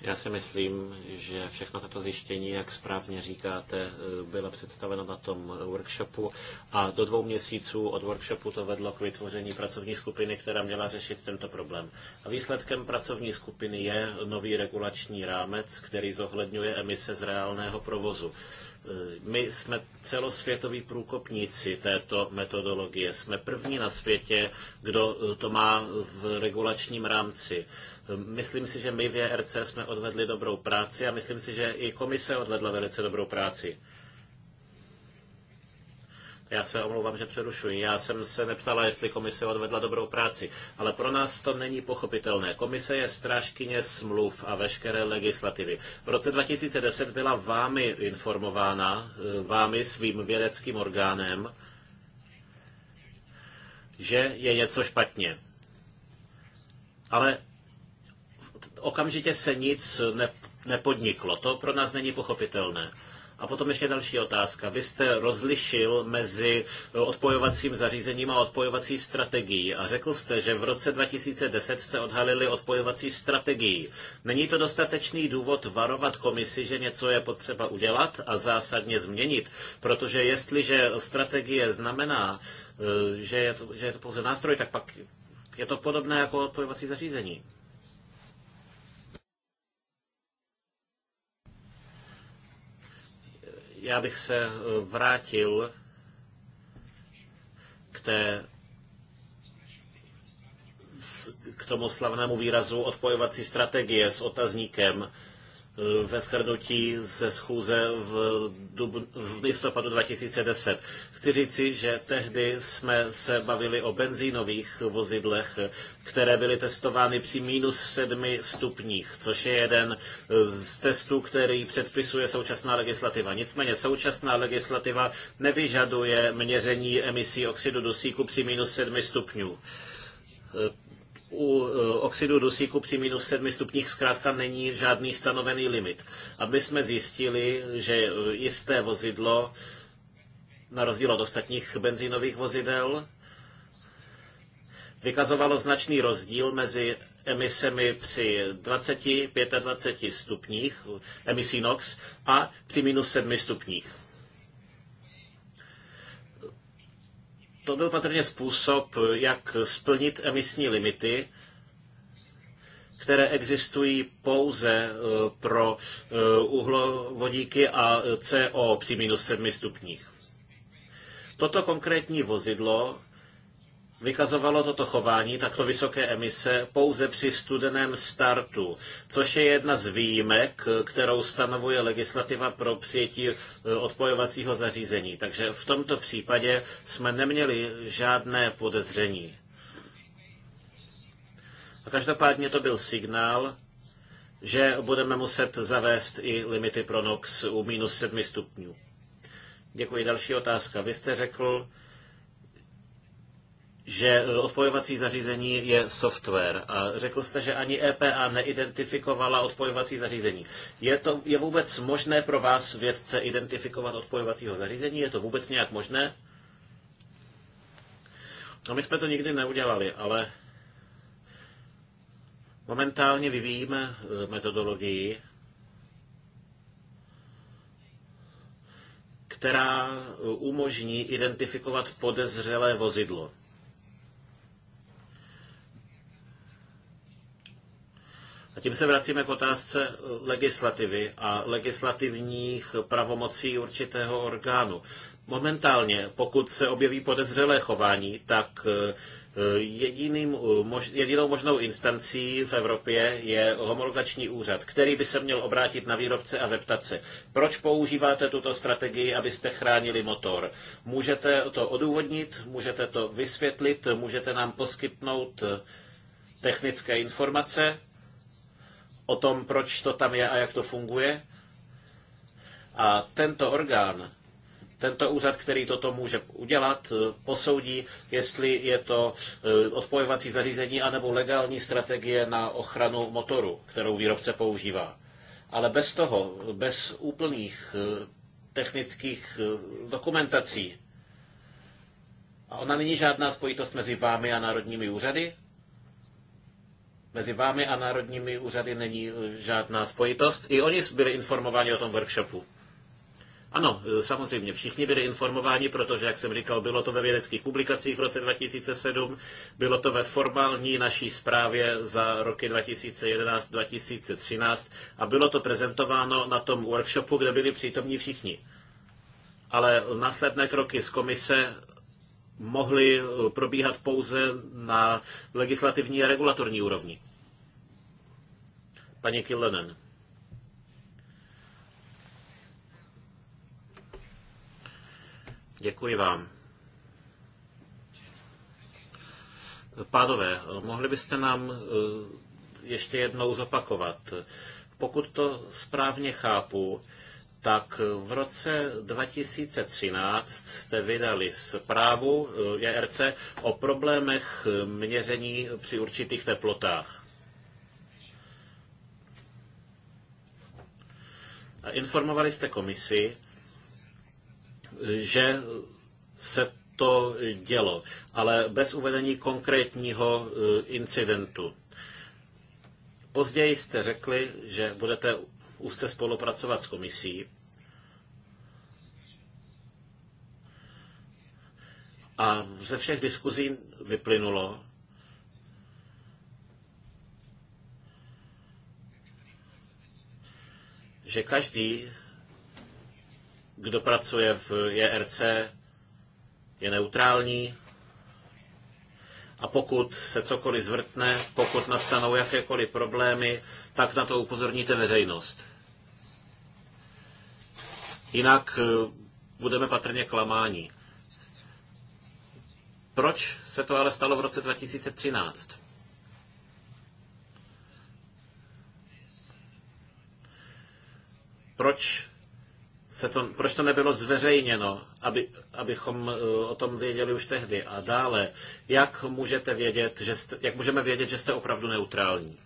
Já si myslím, že všechno tato zjištění, jak správně říkáte, uh, byla představena na tom workshopu a do dvou měsíců od workshopu to vedlo k vytvoření pracovní skupiny, která měla řešit tento problém. A výsledkem pracovní skupiny je nový regulační rámec, který zohledňuje emise z reálného provozu. Eh, my jsme celosvětoví průkopníci této metodologie. Jsme první na světě, kdo eh, to má v regulačním rámci. Eh, myslím si, že my v JRC jsme odvedli dobrou práci a myslím si, že i komise odvedla velice dobrou práci. Já se omlouvám, že přerušuji. Já jsem se neptala, jestli komise odvedla dobrou práci, ale pro nás to není pochopitelné. Komise je strážkyně smluv a veškeré legislativy. V roce 2010 byla vámi informována, eh, vámi svým vědeckým orgánem, že je něco špatně. Ale okamžitě se nic nepodniklo. To pro nás není pochopitelné. A potom ještě další otázka. Vy jste rozlišil mezi odpojovacím zařízením a odpojovací strategií a řekl jste, že v roce 2010 jste odhalili odpojovací strategii. Není to dostatečný důvod varovat komisi, že něco je potřeba udělat a zásadně změnit? Protože jestliže strategie znamená, eh, že je to, že je to pouze nástroj, tak pak je to podobné jako odpojovací zařízení. Já bych se eh, vrátil k té k tomu slavnému výrazu odpojovací strategie s otazníkem, Eh, ve shrnutí ze schůze v, dub, v listopadu 2010. Chci říci, že tehdy jsme se bavili o benzínových vozidlech, které byly testovány při minus sedmi stupních, což je jeden eh, z testů, který předpisuje současná legislativa. Nicméně současná legislativa nevyžaduje měření emisí oxidu dusíku při minus sedmi stupňů eh, u eh, oxidu dusíku při minus 7 stupních zkrátka není žádný stanovený limit. Aby jsme zjistili, že eh, jisté vozidlo, na rozdíl od ostatních benzínových vozidel, vykazovalo značný rozdíl mezi emisemi při 20, 25 stupních eh, emisí NOx a při minus 7 stupních. To byl patrně způsob, jak splnit emisní limity, které existují pouze e, pro e, uhlovodíky a CO při minus 7 stupních. Toto konkrétní vozidlo vykazovalo toto chování, takto vysoké emise, pouze při studeném startu, což je jedna z výjimek, kterou stanovuje legislativa pro přijetí e, odpojovacího zařízení. Takže v tomto případě jsme neměli žádné podezření. A každopádně to byl signál, že budeme muset zavést i limity pro NOx u minus 7 stupňů. Děkuji. Další otázka. Vy jste řekl, že e, odpojovací zařízení je software. A řekl jste, že ani EPA neidentifikovala odpojovací zařízení. Je, to, je vůbec možné pro vás vědce identifikovat odpojovacího zařízení? Je to vůbec nějak možné? No my jsme to nikdy neudělali, ale momentálně vyvíjíme e, metodologii, která e, umožní identifikovat podezřelé vozidlo. A tím se vracíme k otázce eh, legislativy a legislativních pravomocí určitého orgánu. Momentálně, pokud se objeví podezřelé chování, tak eh, jediným, eh, jedinou možnou instancí v Evropě je homologační úřad, který by se měl obrátit na výrobce a zeptat se, proč používáte tuto strategii, abyste chránili motor. Můžete to odůvodnit, můžete to vysvětlit, můžete nám poskytnout technické informace o tom, proč to tam je a jak to funguje. A tento orgán, tento úřad, který toto může udělat, eh, posoudí, jestli je to eh, odpojovací zařízení anebo legální strategie na ochranu motoru, kterou výrobce používá. Ale bez toho, bez úplných eh, technických dokumentací, a ona není žádná spojitost mezi vámi a národními úřady, Mezi vámi a národními úřady není eh, žádná spojitost. I oni byli informováni o tom workshopu. Ano, eh, samozřejmě, všichni byli informováni, protože, jak jsem říkal, bylo to ve vědeckých publikacích v roce 2007, bylo to ve formální naší zprávě za roky 2011-2013 a bylo to prezentováno na tom workshopu, kde byli přítomní všichni. Ale následné kroky z komise mohly eh, probíhat pouze na legislativní a regulatorní úrovni. Paní Kilonen. Děkuji vám. Pánové, mohli byste nám eh, ještě jednou zopakovat. Pokud to správně chápu, tak v roce 2013 jste vydali zprávu eh, JRC o problémech eh, měření při určitých teplotách. Informovali jste komisi, že se to dělo, ale bez uvedení konkrétního eh, incidentu. Později jste řekli, že budete úzce spolupracovat s komisí. A ze všech diskuzí vyplynulo, že každý, kdo pracuje v JRC, e je neutrální a pokud se cokoliv zvrtne, pokud nastanou jakékoliv problémy, tak na to upozorníte veřejnost. Jinak eh, budeme patrně klamáni. Proč se to ale stalo v roce 2013? Proč, se to, proč to nebylo zveřejněno, aby, abychom eh, o tom věděli už tehdy? A dále, jak, můžete vědět, že jste, jak můžeme vědět, že jste opravdu neutrální?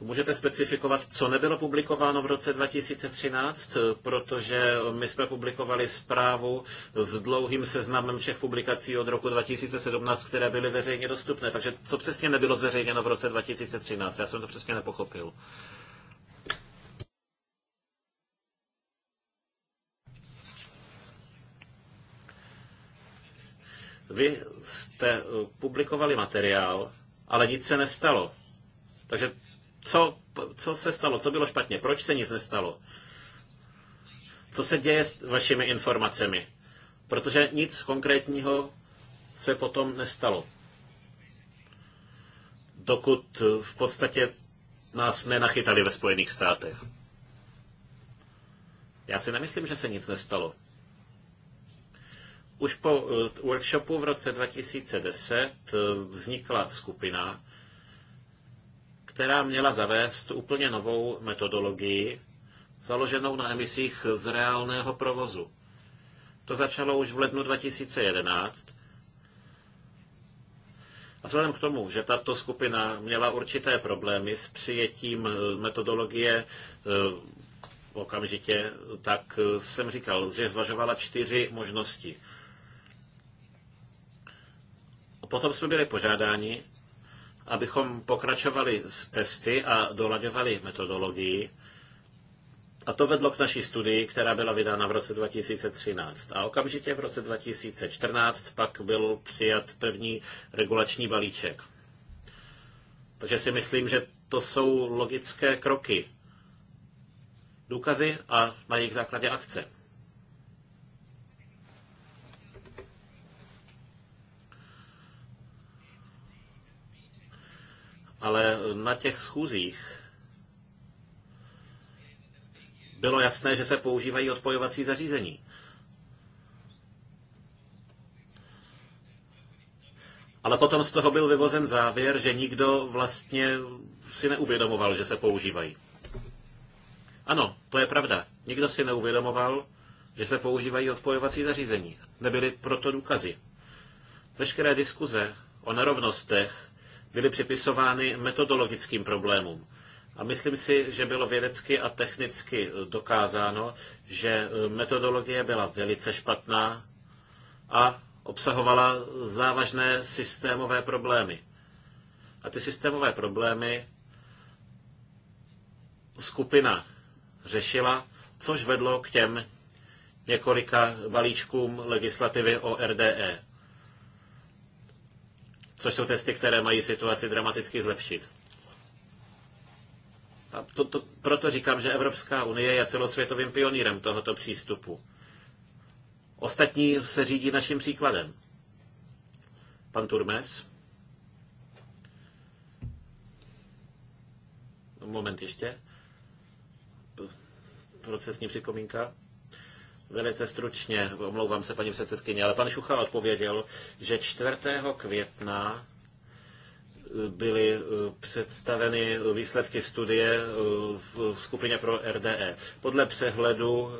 Můžete specifikovat, co nebylo publikováno v roce 2013, protože my jsme publikovali zprávu s dlouhým seznamem všech publikací od roku 2017, které byly veřejně dostupné. Takže co přesně nebylo zveřejněno v roce 2013? Já jsem to přesně nepochopil. Vy jste eh, publikovali materiál, ale nic se nestalo. Takže co, co se stalo, co bylo špatně, proč se nic nestalo. Co se děje s vašimi informacemi? Protože nic konkrétního se potom nestalo. Dokud v podstatě nás nenachytali ve Spojených státech. Já si nemyslím, že se nic nestalo. Už po eh, workshopu v roce 2010 eh, vznikla skupina, která měla zavést úplně novou metodologii, založenou na emisích z reálného provozu. To začalo už v lednu 2011 a vzhledem k tomu, že tato skupina měla určité problémy s přijetím eh, metodologie eh, okamžitě, tak eh, jsem říkal, že zvažovala čtyři možnosti. Potom jsme byli požádáni, abychom pokračovali s testy a dolaďovali metodologii. A to vedlo k naší studii, která byla vydána v roce 2013. A okamžitě v roce 2014 pak byl přijat první regulační balíček. Takže si myslím, že to jsou logické kroky, důkazy a na jejich základě akce. ale na těch schůzích bylo jasné, že se používají odpojovací zařízení. Ale potom z toho byl vyvozen závěr, že nikdo vlastně si neuvědomoval, že se používají. Ano, to je pravda. Nikdo si neuvědomoval, že se používají odpojovací zařízení. Nebyly proto důkazy. Veškeré diskuze o nerovnostech byly připisovány metodologickým problémům. A myslím si, že bylo vědecky a technicky dokázáno, že e, metodologie byla velice špatná a obsahovala závažné systémové problémy. A ty systémové problémy skupina řešila, což vedlo k těm několika balíčkům legislativy o RDE což jsou testy, které mají situaci dramaticky zlepšit. A to, to, proto říkám, že Evropská unie je celosvětovým pionýrem tohoto přístupu. Ostatní se řídí naším příkladem. Pan Turmes. Moment ještě. Procesní připomínka. Velice stručně, omlouvám se paní předsedkyně, ale pan Šucha odpověděl, že 4. května eh, byly eh, představeny výsledky studie eh, v skupině pro RDE. Podle přehledu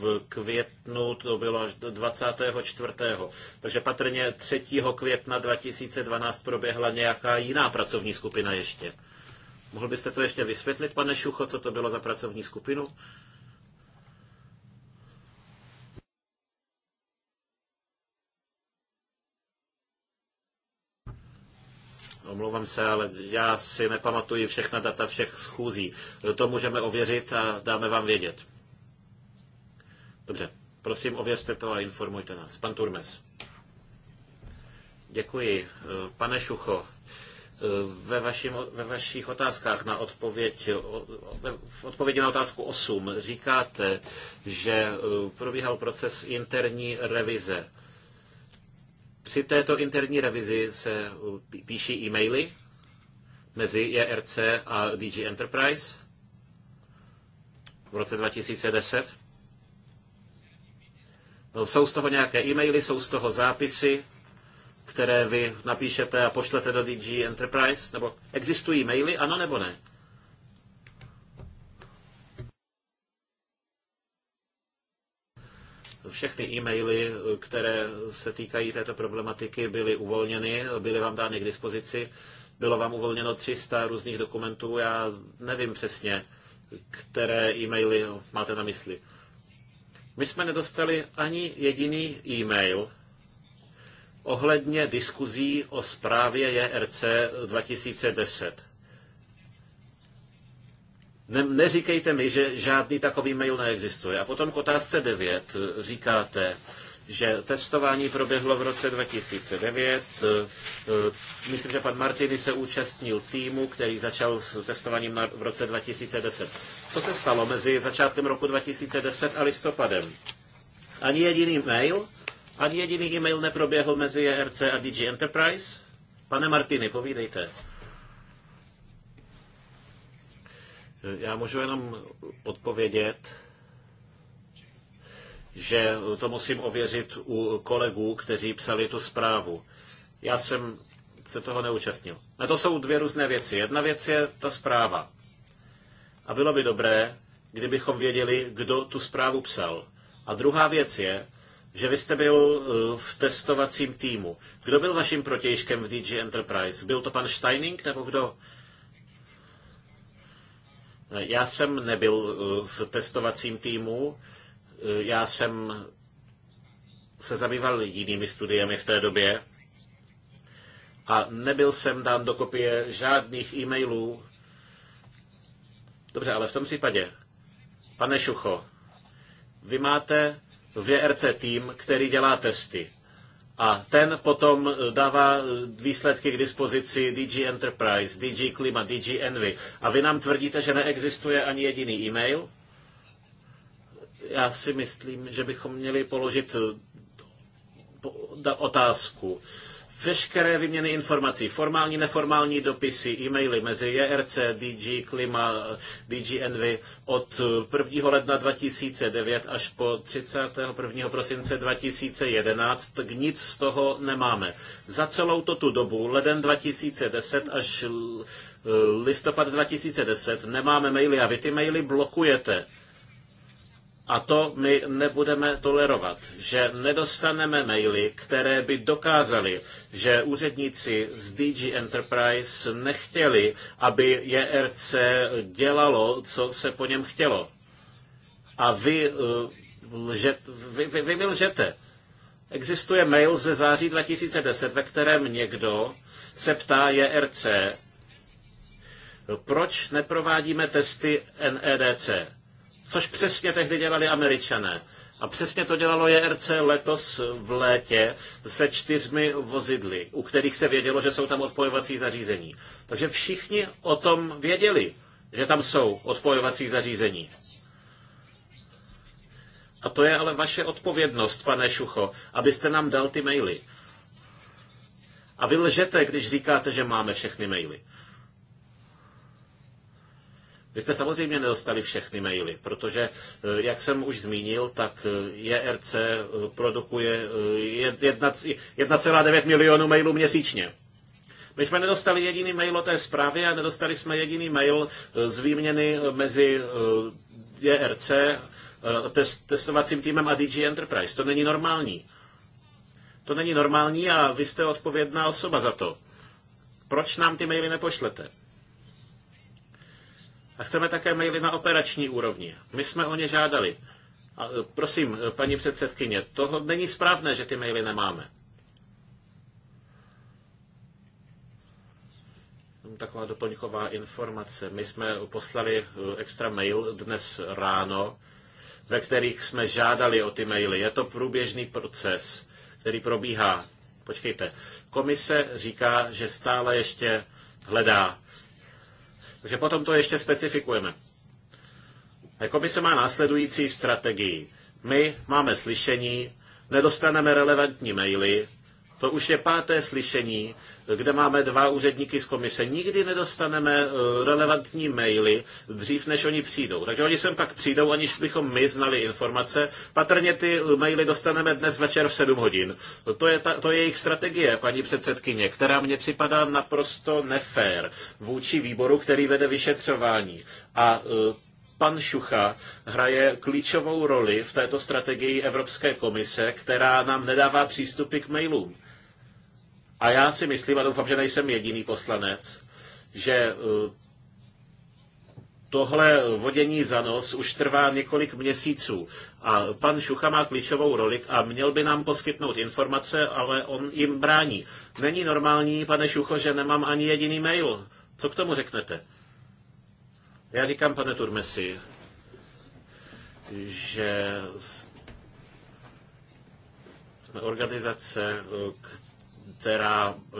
v květnu to bylo až 24. Takže patrně 3. května 2012 proběhla nějaká jiná pracovní skupina ještě. Mohl byste to ještě vysvětlit, pane Šucho, co to bylo za pracovní skupinu? Omlouvám se, ale já si nepamatuji všechna data všech schůzí. To můžeme ověřit a dáme vám vědět. Dobře, prosím, ověřte to a informujte nás. Pan Turmes. Děkuji. Pane Šucho, ve, vašim, ve vašich otázkách na odpověď, v odpovědi na otázku 8 říkáte, že probíhal proces interní revize při této interní revizi se uh, píší e-maily mezi ERC a DG Enterprise v roce 2010. No, jsou z toho nějaké e-maily, jsou z toho zápisy, které vy napíšete a pošlete do DG Enterprise? Nebo existují e maily, ano nebo ne? Všechny e-maily, které se týkají této problematiky, byly uvolněny, byly vám dány k dispozici. Bylo vám uvolněno 300 různých dokumentů, já nevím přesně, které e-maily máte na mysli. My jsme nedostali ani jediný e-mail ohledně diskuzí o zprávě JRC 2010. Ne, neříkejte mi, že žádný takový mail neexistuje. A potom k otázce 9 říkáte, že testování proběhlo v roce 2009. E, e, myslím, že pan Martiny se účastnil týmu, který začal s testováním v roce 2010. Co se stalo mezi začátkem roku 2010 a listopadem? Ani jediný mail, ani jediný e-mail neproběhl mezi ERC a DG Enterprise? Pane Martiny, povídejte. Já můžu jenom odpovědět, že to musím ověřit u kolegů, kteří psali tu zprávu. Já jsem se toho neúčastnil. Na to jsou dvě různé věci. Jedna věc je ta zpráva. A bylo by dobré, kdybychom věděli, kdo tu zprávu psal. A druhá věc je, že vy jste byl eh, v testovacím týmu. Kdo byl vaším protějškem v DG Enterprise? Byl to pan Steining nebo kdo? Já jsem nebyl eh, v testovacím týmu, eh, já jsem se zabýval jinými studiemi v té době a nebyl jsem dán do kopie žádných e-mailů. Dobře, ale v tom případě, pane Šucho, vy máte JRC tým, který dělá testy a ten potom eh, dává eh, výsledky k dispozici DG Enterprise, DG Klima, DG Envy. A vy nám tvrdíte, že neexistuje ani jediný e-mail? Já si myslím, že bychom měli položit eh, otázku. Uh, veškeré vyměny informací, formální, neformální dopisy, e-maily mezi JRC, e DG Klima, DG Envy od 1. ledna 2009 až po 31. prosince 2011, tak nic z toho nemáme. Za celou to tu dobu, leden 2010 až listopad 2010, nemáme maily a vy ty maily blokujete. A to my nebudeme tolerovat, že nedostaneme maily, které by dokázaly, že úředníci z DG Enterprise nechtěli, aby JRC dělalo, co se po něm chtělo. A vy, eh, lžet, vy, vy, vy, lžete. Existuje mail ze září 2010, ve kterém někdo se ptá JRC, proč neprovádíme testy NEDC. Což přesně tehdy dělali američané. A přesně to dělalo JRC letos v létě se čtyřmi vozidly, u kterých se vědělo, že jsou tam odpojovací zařízení. Takže všichni o tom věděli, že tam jsou odpojovací zařízení. A to je ale vaše odpovědnost, pane Šucho, abyste nám dal ty maily. A vy lžete, když říkáte, že máme všechny maily. Vy jste samozřejmě nedostali všechny maily, protože, eh, jak jsem už zmínil, tak JRC eh, e eh, produkuje 1,9 milionů mailů měsíčně. My jsme nedostali jediný mail o té zprávě a nedostali jsme jediný mail z výměny mezi JRC, e test, testovacím týmem a DG Enterprise. To není normální. To není normální a vy jste odpovědná osoba za to. Proč nám ty maily nepošlete? A chceme také maily na operační úrovni. My jsme o ně žádali. A e, prosím, e, paní předsedkyně, to není správné, že ty maily nemáme. Taková doplňková informace. My jsme poslali e, extra mail dnes ráno, ve kterých jsme žádali o ty maily. Je to průběžný proces, který probíhá. Počkejte. Komise říká, že stále ještě hledá takže potom to ještě specifikujeme. se má následující strategii. My máme slyšení, nedostaneme relevantní maily, to už je páté slyšení, kde máme dva úředníky z komise. Nikdy nedostaneme eh, relevantní maily dřív, než oni přijdou. Takže oni sem pak přijdou, aniž bychom my znali informace. Patrně ty maily dostaneme dnes večer v 7 hodin. To je, ta, to je jejich strategie, paní předsedkyně, která mně připadá naprosto nefér vůči výboru, který vede vyšetřování. A eh, pan Šucha hraje klíčovou roli v této strategii Evropské komise, která nám nedává přístupy k mailům. A já si myslím, a doufám, že nejsem jediný poslanec, že eh, tohle vodění za nos už trvá několik měsíců. A pan Šucha má klíčovou roli a měl by nám poskytnout informace, ale on jim brání. Není normální, pane Šucho, že nemám ani jediný mail. Co k tomu řeknete? Já říkám, pane Turmesi, že jsme organizace, eh, která eh,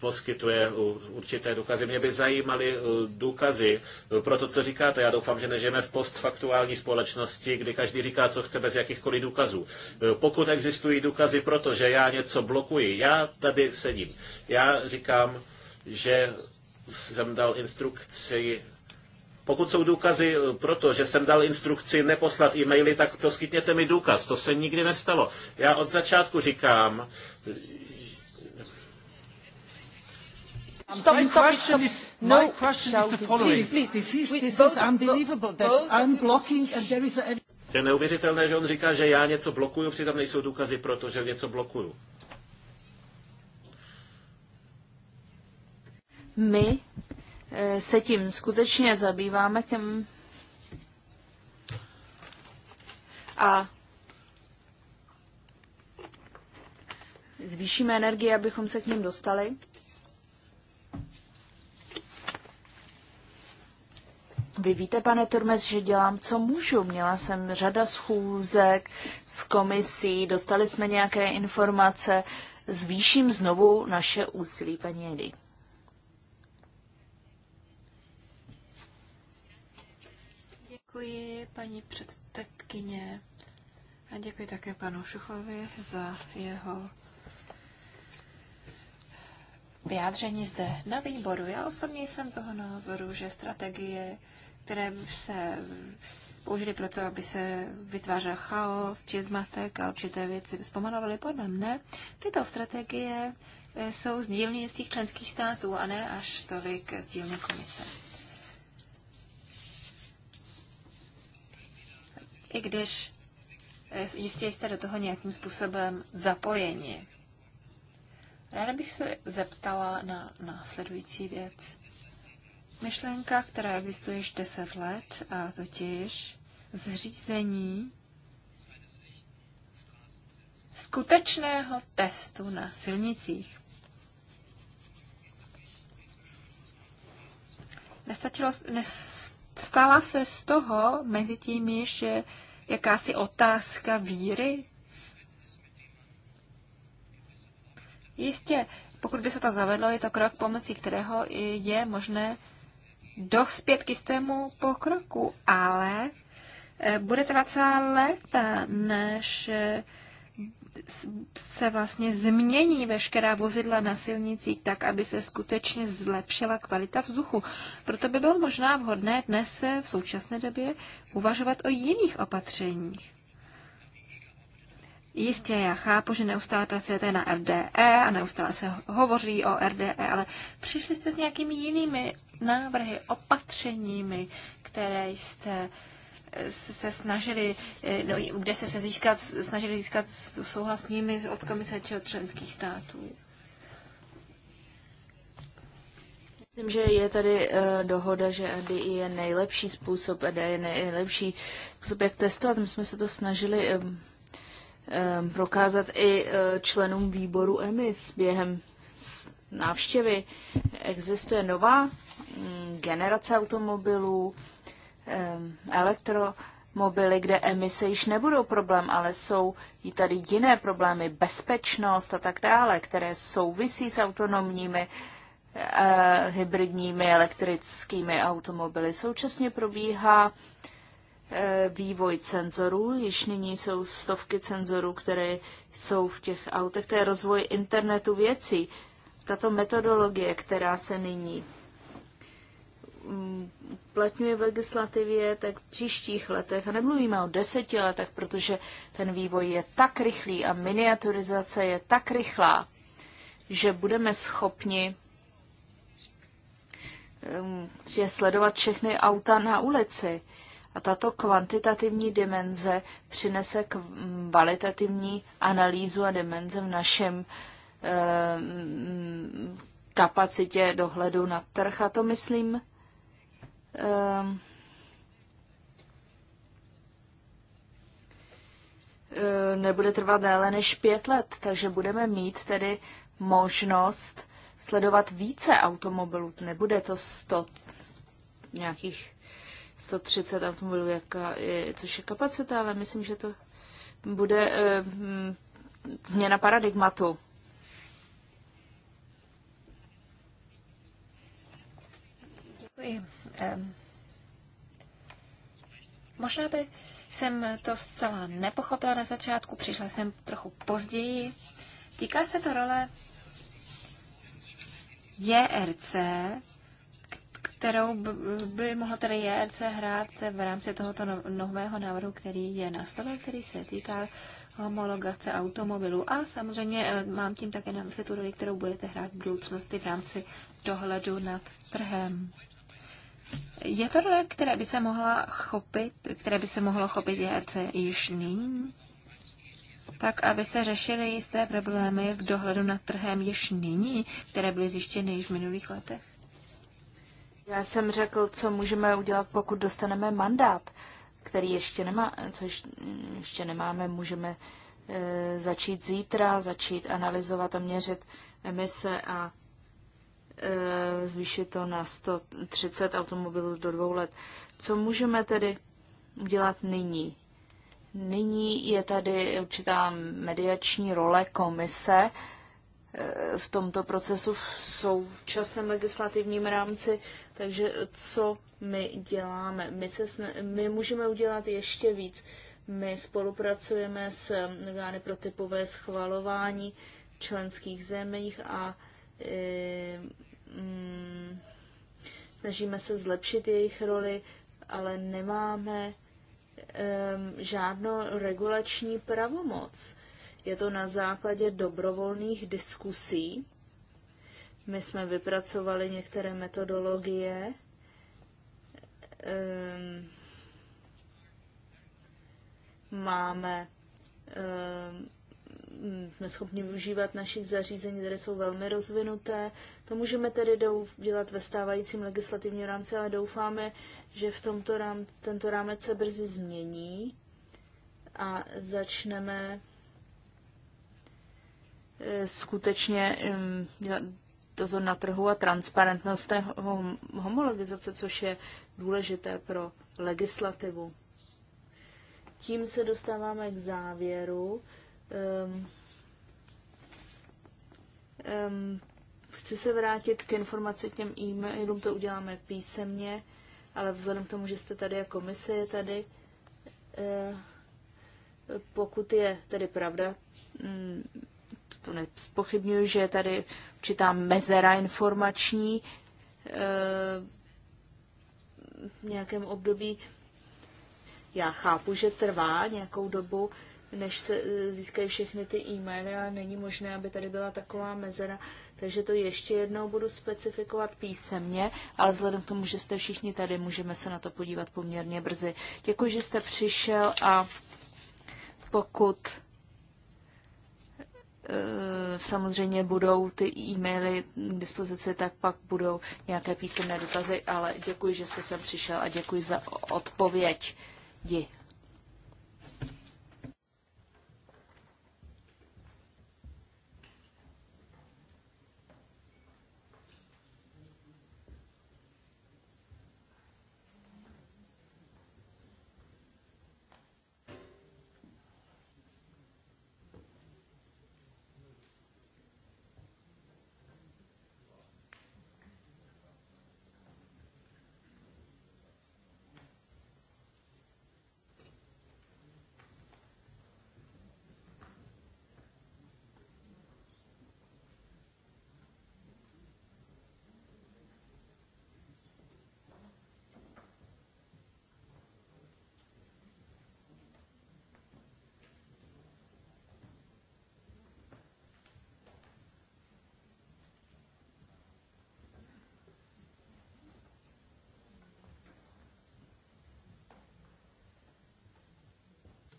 poskytuje eh, určité důkazy. Mě by zajímaly eh, důkazy pro to, co říkáte. Já doufám, že nežijeme v postfaktuální společnosti, kdy každý říká, co chce bez jakýchkoliv důkazů. Pokud existují důkazy pro to, že já něco blokuji, já tady sedím. Já říkám, že jsem dal instrukci pokud jsou důkazy pro to, že jsem dal instrukci neposlat e-maily, tak poskytněte mi důkaz. To se nikdy nestalo. Já od začátku říkám, Stop, my stop, question stop. Is, no, my question is the following. Please, please, this is, this is unbelievable that unblocking and uh, there is a... Je neuvěřitelné, že on říká, že já něco blokuju, přitom nejsou důkazy pro to, že něco blokuju. My eh, se tím skutečně zabýváme kem... a zvýšíme energii, abychom se k ním dostali. Vy víte, pane Turmes, že dělám, co můžu. Měla jsem řada schůzek s komisí, dostali jsme nějaké informace. Zvýším znovu naše úsilí, paní Edy. Děkuji, paní předsedkyně. A děkuji také panu Šuchovi za jeho vyjádření zde na výboru. Já osobně jsem toho názoru, že strategie které se použili proto, aby se vytvářel chaos či zmatek a určité věci zpomalovaly. Podle mne tyto strategie eh, jsou z dílny z těch členských států a ne až tolik z dílny komise. I když eh, jistě jste do toho nějakým způsobem zapojeni. Ráda bych se zeptala na následující věc myšlenka, která existuje již 10 let, a totiž zřízení skutečného testu na silnicích. Nestačilo, nestala se z toho mezi tím již eh, jakási otázka víry? Jistě, pokud by se to zavedlo, je to krok pomocí kterého je možné dospět k jistému pokroku, ale eh, bude trvat celá léta, než eh, se vlastně změní veškerá vozidla na silnicích tak, aby se skutečně zlepšila kvalita vzduchu. Proto by bylo možná vhodné dnes eh, v současné době uvažovat o jiných opatřeních. Jistě, já chápu, že neustále pracujete na RDE a neustále se hovoří o RDE, ale přišli jste s nějakými jinými návrhy, opatřeními, které jste eh, se snažili, eh, no, kde se, se získat, snažili získat souhlas nimi od komise či od členských států? Myslím, že je tady uh, dohoda, že ADI je nejlepší způsob, ADI je nejlepší způsob, jak testovat. My jsme se to snažili um, um, prokázat i uh, členům výboru EMIS během návštěvy. Existuje nová Mm, generace automobilů, elektromobily, kde emise již nebudou problém, ale jsou i tady jiné problémy, bezpečnost a tak dále, které souvisí s autonomními eh, hybridními elektrickými automobily. Současně probíhá eh, vývoj senzorů. Již nyní jsou stovky senzorů, které jsou v těch autech. To je rozvoj internetu věcí. Tato metodologie, která se nyní uplatňuje v legislativě, tak v příštích letech, a nemluvíme o deseti letech, protože ten vývoj je tak rychlý a miniaturizace je tak rychlá, že budeme schopni um, sledovat všechny auta na ulici. A tato kvantitativní dimenze přinese kvalitativní analýzu a dimenze v našem um, kapacitě dohledu na trh. A to, myslím, Ehm, ehm, nebude trvat déle než pět let, takže budeme mít tedy možnost sledovat více automobilů. Nebude to 100, nějakých 130 automobilů, jaká je, což je kapacita, ale myslím, že to bude e, změna paradigmatu. Děkuji. Možná by jsem to zcela nepochopila na začátku, přišla jsem trochu později. Týká se to role JRC, kterou by mohla tedy JRC hrát v rámci tohoto no- nového návrhu, který je na stole, který se týká homologace automobilů. A samozřejmě eh, mám tím také na mysli tu roli, kterou budete hrát v budoucnosti v rámci dohledu nad trhem. Je to role, které by se mohla chopit, které by se mohlo chopit JRC již nyní? Tak, aby se řešily jisté problémy v dohledu nad trhem již nyní, které byly zjištěny již v minulých letech? Já jsem řekl, co můžeme udělat, pokud dostaneme mandát, který ještě nemá, což ještě nemáme, můžeme e, začít zítra, začít analyzovat a měřit emise a Eh, zvýšit to na 130 automobilů do dvou let. Co můžeme tedy udělat nyní? Nyní je tady určitá mediační role komise eh, v tomto procesu v současném legislativním rámci, takže co my děláme? My, se sna- my můžeme udělat ještě víc. My spolupracujeme s orgány pro typové schvalování v členských zemích a eh, Mm, snažíme se zlepšit jejich roli, ale nemáme žádnou regulační pravomoc. Je to na základě dobrovolných diskusí. My jsme vypracovali některé metodologie. Máme jsme schopni využívat našich zařízení, které jsou velmi rozvinuté. To můžeme tedy dělat ve stávajícím legislativním rámci, ale doufáme, že v tomto rám, tento rámec se brzy změní a začneme e, skutečně dělat dozor na trhu a transparentnost té homologizace, což je důležité pro legislativu. Tím se dostáváme k závěru. Um, um, chci se vrátit k informaci k těm e-mailům, to uděláme písemně, ale vzhledem k tomu, že jste tady a komise je tady, uh, pokud je tedy pravda, um, to nespochybnuju, že je tady určitá mezera informační eh, v nějakém období. Já chápu, že trvá nějakou dobu, než se e, získají všechny ty e-maily a není možné, aby tady byla taková mezera. Takže to ještě jednou budu specifikovat písemně, ale vzhledem k tomu, že jste všichni tady, můžeme se na to podívat poměrně brzy. Děkuji, že jste přišel a pokud e, samozřejmě budou ty e-maily k dispozici, tak pak budou nějaké písemné dotazy, ale děkuji, že jste sem přišel a děkuji za odpověď. Děkuji.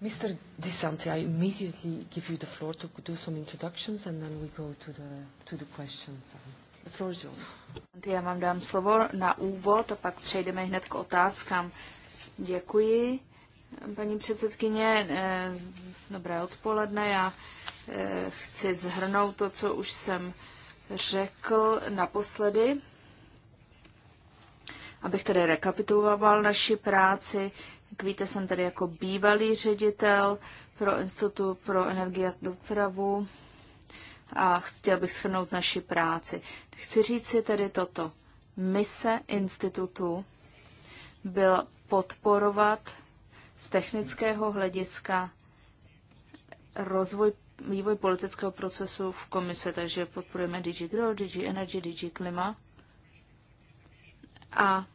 Mr. DeSanti, I immediately give you the floor to do some introductions and then we go to the, to the questions. The floor is yours. Já vám dám slovo na úvod a pak přejdeme hned k otázkám. Děkuji, paní předsedkyně. Eh, dobré odpoledne. Já eh, chci zhrnout to, co už jsem řekl naposledy. Abych tedy rekapituloval naši práci, jak víte, jsem tady jako bývalý ředitel pro Institut pro energii a dopravu a chtěl bych shrnout naši práci. Chci říct si tedy toto. Mise institutu byl podporovat z technického hlediska rozvoj, vývoj politického procesu v komise, takže podporujeme DG Grow, DG Energy, DG Klima a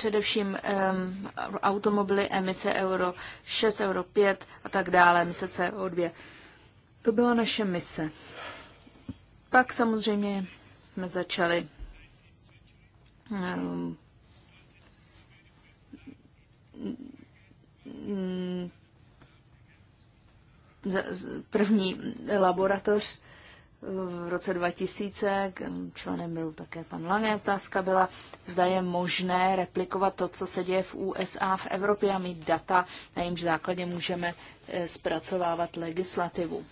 především um, automobily, emise Euro 6, Euro 5 a tak dále, emise CO2. To byla naše mise. Pak samozřejmě jsme začali um, první laboratoř v roce 2000, členem byl také pan Lange, otázka byla, zda je možné replikovat to, co se děje v USA, v Evropě a mít data, na jimž základě můžeme eh, zpracovávat legislativu.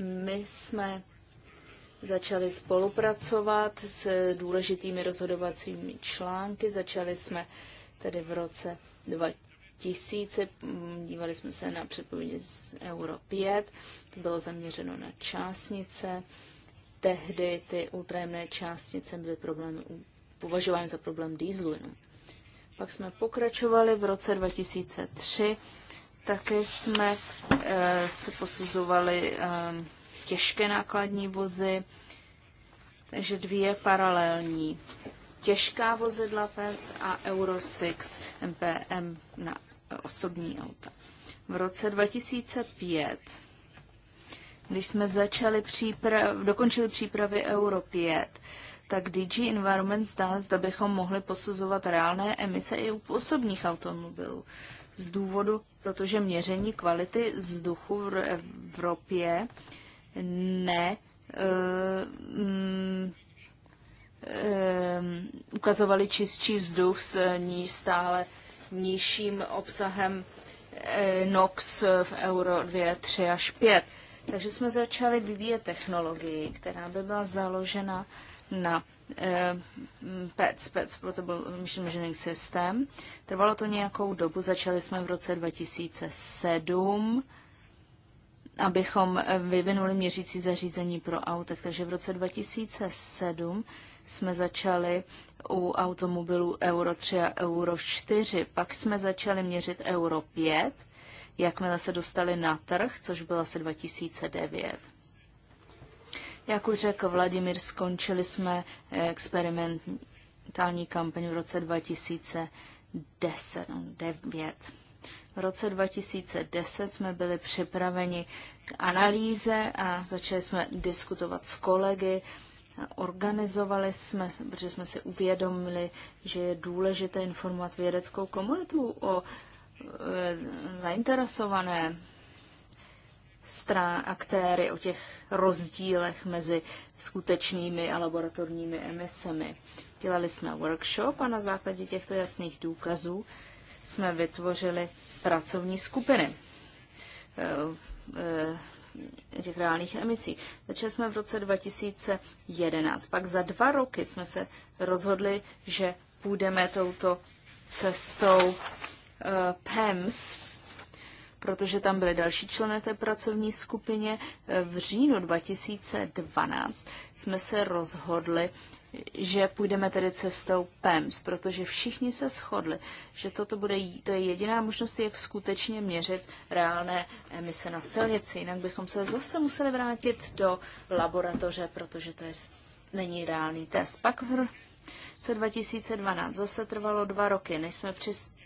My jsme začali spolupracovat s důležitými rozhodovacími články, začali jsme tedy v roce 2000 tisíci, mm, dívali jsme se na předpovědi z Euro 5, to bylo zaměřeno na částnice, tehdy ty ultrajemné částnice byly problém, považovány za problém dýzlu jenom. Pak jsme pokračovali v roce 2003, také jsme e, se posuzovali e, těžké nákladní vozy, takže dvě paralelní těžká vozidla PEC a Euro 6 MPM na osobní auta. V roce 2005, když jsme začali příprav, dokončili přípravy Euro 5, tak DG Environment zdá, zda bychom mohli posuzovat reálné emise i u osobních automobilů. Z důvodu, protože měření kvality vzduchu v Evropě ne uh, um, um, ukazovali čistší vzduch s níž stále nižším obsahem eh, NOx v Euro 2, 3 až 5. Takže jsme začali vyvíjet technologii, která by byla založena na eh, PEC, PEC Portable Measuring systém. Trvalo to nějakou dobu, začali jsme v roce 2007, abychom eh, vyvinuli měřící zařízení pro auta. Takže v roce 2007 jsme začali u automobilů Euro 3 a Euro 4. Pak jsme začali měřit Euro 5, jakmile se dostali na trh, což bylo asi 2009. Jak už řekl Vladimír, skončili jsme eh, experimentální kampaň v roce 2010. No, v roce 2010 jsme byli připraveni k analýze a začali jsme diskutovat s kolegy, Organizovali jsme, protože jsme si uvědomili, že je důležité informovat vědeckou komunitu o e, zainteresované strán, aktéry, o těch rozdílech mezi skutečnými a laboratorními emisemi. Dělali jsme workshop a na základě těchto jasných důkazů jsme vytvořili pracovní skupiny e, e, těch reálných emisí. Začali jsme v roce 2011. Pak za dva roky jsme se rozhodli, že půjdeme touto cestou uh, PEMS, protože tam byly další členy té pracovní skupině. Eh, v říjnu 2012 jsme se rozhodli že půjdeme tedy cestou PEMS, protože všichni se shodli, že toto bude, to je jediná možnost, jak skutečně měřit reálné emise na silnici. Jinak bychom se zase museli vrátit do laboratoře, protože to je, není reálný test. Pak v roce 2012 zase trvalo dva roky, než jsme přis,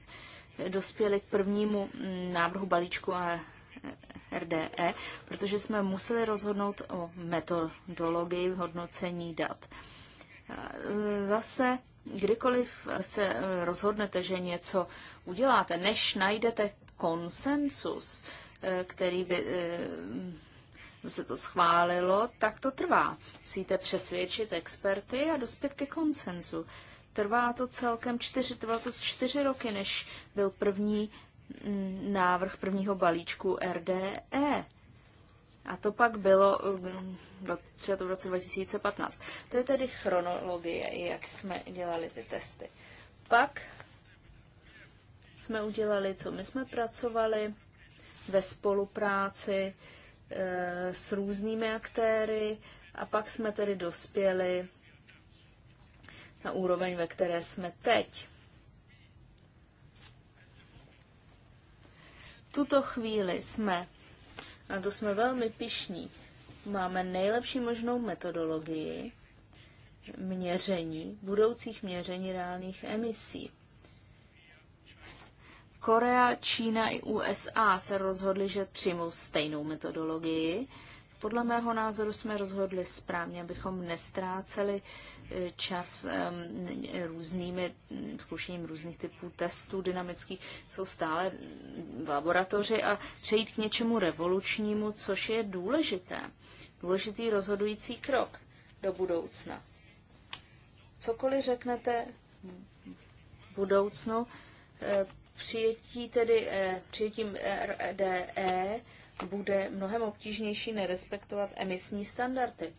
dospěli k prvnímu mm, návrhu balíčku a RDE, protože jsme museli rozhodnout o metodologii hodnocení dat. Zase, kdykoliv se rozhodnete, že něco uděláte, než najdete konsensus, eh, který eh, by se to schválilo, tak to trvá. Musíte přesvědčit experty a dospět ke konsensu. Trvá to celkem čtyři, trvá to čtyři roky, než byl první mm, návrh prvního balíčku RDE. A to pak bylo um, to v roce 2015. To je tedy chronologie, jak jsme dělali ty testy. Pak jsme udělali, co my jsme pracovali ve spolupráci e, s různými aktéry a pak jsme tedy dospěli na úroveň, ve které jsme teď. tuto chvíli jsme a to jsme velmi pišní. Máme nejlepší možnou metodologii měření, budoucích měření reálných emisí. Korea, Čína i USA se rozhodly, že přijmou stejnou metodologii. Podle mého názoru jsme rozhodli správně, abychom nestráceli čas různými zkoušením různých typů testů dynamických, jsou stále v laboratoři a přejít k něčemu revolučnímu, což je důležité. Důležitý rozhodující krok do budoucna. Cokoliv řeknete v budoucnu, eh, přijetí tedy eh, přijetím RDE bude mnohem obtížnější nerespektovat emisní standardy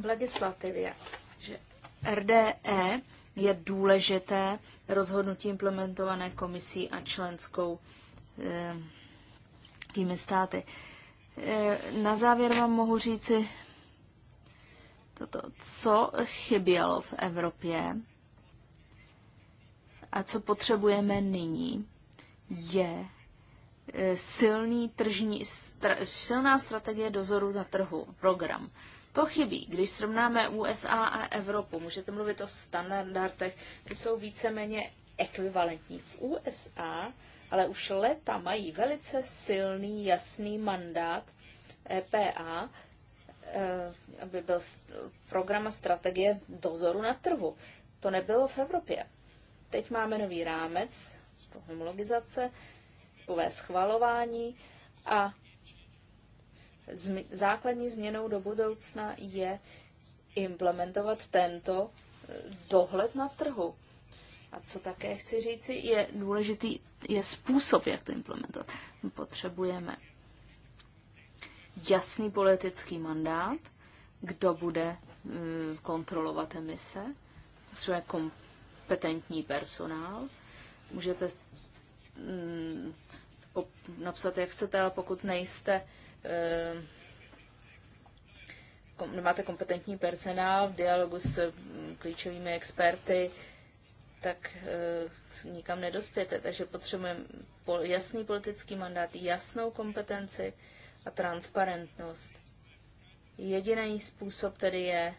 v legislativě, že RDE je důležité rozhodnutí implementované komisí a členskou tými eh, státy. Eh, na závěr vám mohu říci toto, co chybělo v Evropě a co potřebujeme nyní, je eh, silný tržní, stra, silná strategie dozoru na trhu, program. To chybí. Když srovnáme USA a Evropu, můžete mluvit o standardech, ty jsou víceméně ekvivalentní. V USA ale už leta mají velice silný, jasný mandát EPA, eh, aby byl program a strategie dozoru na trhu. To nebylo v Evropě. Teď máme nový rámec pro homologizace, takové schvalování a základní změnou do budoucna je implementovat tento eh, dohled na trhu. A co také chci říci, je důležitý je způsob, jak to implementovat. My potřebujeme jasný politický mandát, kdo bude eh, kontrolovat emise, je kompetentní personál. Můžete mm, napsat, jak chcete, ale pokud nejste Ehm, máte kompetentní personál v dialogu s mm, klíčovými experty, tak eh, nikam nedospěte, Takže potřebujeme jasný politický mandát, jasnou kompetenci a transparentnost. Jediný způsob tedy je,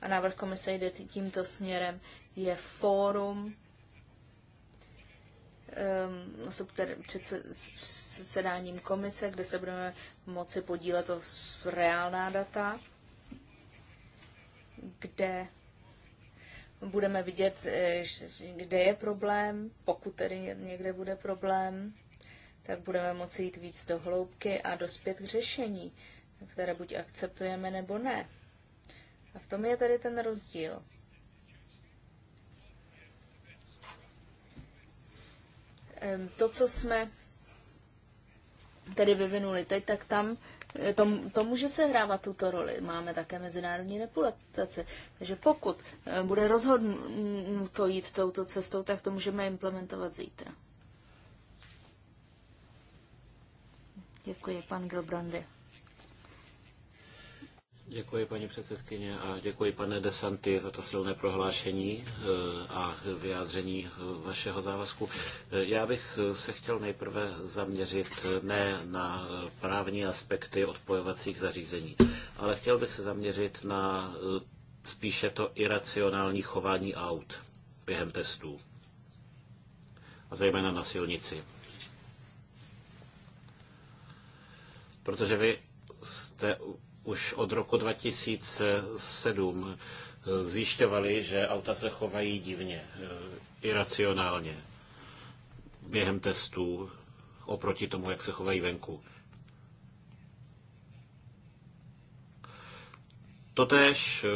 a návrh komise jde tímto směrem, je fórum Um, před sedáním komise, kde se budeme moci podílet o reálná data, kde budeme vidět, eh, kde je problém, pokud tedy někde bude problém, tak budeme moci jít víc do hloubky a dospět k řešení, které buď akceptujeme nebo ne. A v tom je tady ten rozdíl. To, co jsme tedy vyvinuli teď, tak tam eh, to, to může se hrávat tuto roli. Máme také mezinárodní reputace. Takže pokud eh, bude rozhodnuto jít touto cestou, tak to můžeme implementovat zítra. Děkuji, pan Gilbrandy. Děkuji, paní předsedkyně, a děkuji, pane Desanty, za to silné prohlášení eh, a vyjádření eh, vašeho závazku. Eh, já bych se chtěl nejprve zaměřit ne na právní aspekty odpojovacích zařízení, ale chtěl bych se zaměřit na spíše to iracionální chování aut během testů, a zejména na silnici. Protože vy jste už od roku 2007 eh, zjišťovali, že auta se chovají divně, eh, iracionálně během testů oproti tomu, jak se chovají venku. Totež eh,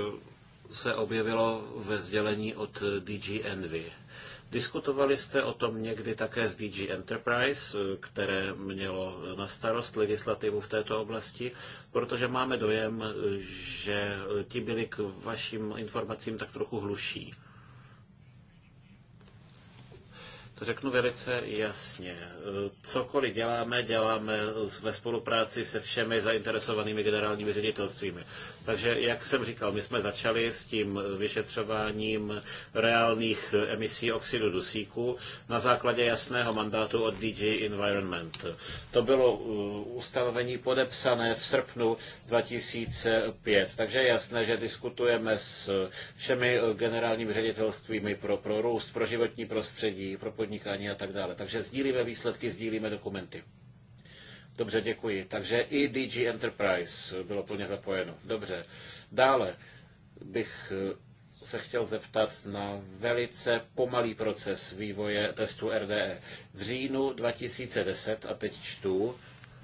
se objevilo ve sdělení od DG Envy. Diskutovali jste o tom někdy také s DG Enterprise, které mělo na starost legislativu v této oblasti, protože máme dojem, že ti byli k vašim informacím tak trochu hluší. To řeknu velice jasně. E, cokoliv děláme, děláme ve spolupráci se všemi zainteresovanými generálními ředitelstvími. Takže, jak jsem říkal, my jsme začali s tím vyšetřováním reálných emisí oxidu dusíku na základě jasného mandátu od DG Environment. To bylo e, ustanovení podepsané v srpnu 2005. Takže je jasné, že diskutujeme s všemi e, generálními ředitelstvími pro, pro růst, pro životní prostředí, pro podnikání a tak dále. Takže sdílíme výsledky, sdílíme dokumenty. Dobře, děkuji. Takže i DG Enterprise bylo plně zapojeno. Dobře. Dále bych eh, se chtěl zeptat na velice pomalý proces vývoje testu RDE. V říjnu 2010, a teď čtu,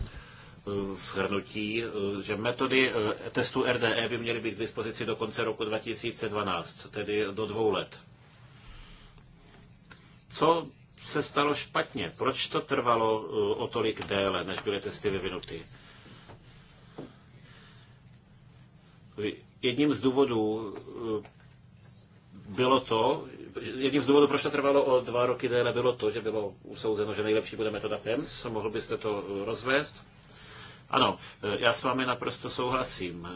eh, shrnutí, eh, že metody testu RDE by měly být k dispozici do konce roku 2012, tedy do dvou let. Co se stalo špatně? Proč to trvalo uh, o tolik déle, než byly testy vyvinuty? Jedním z důvodů uh, bylo to, jedním z důvodů, proč to trvalo o dva roky déle, bylo to, že bylo usouzeno, že nejlepší bude metoda PEMS. Mohl byste to uh, rozvést? Ano, já s vámi naprosto souhlasím.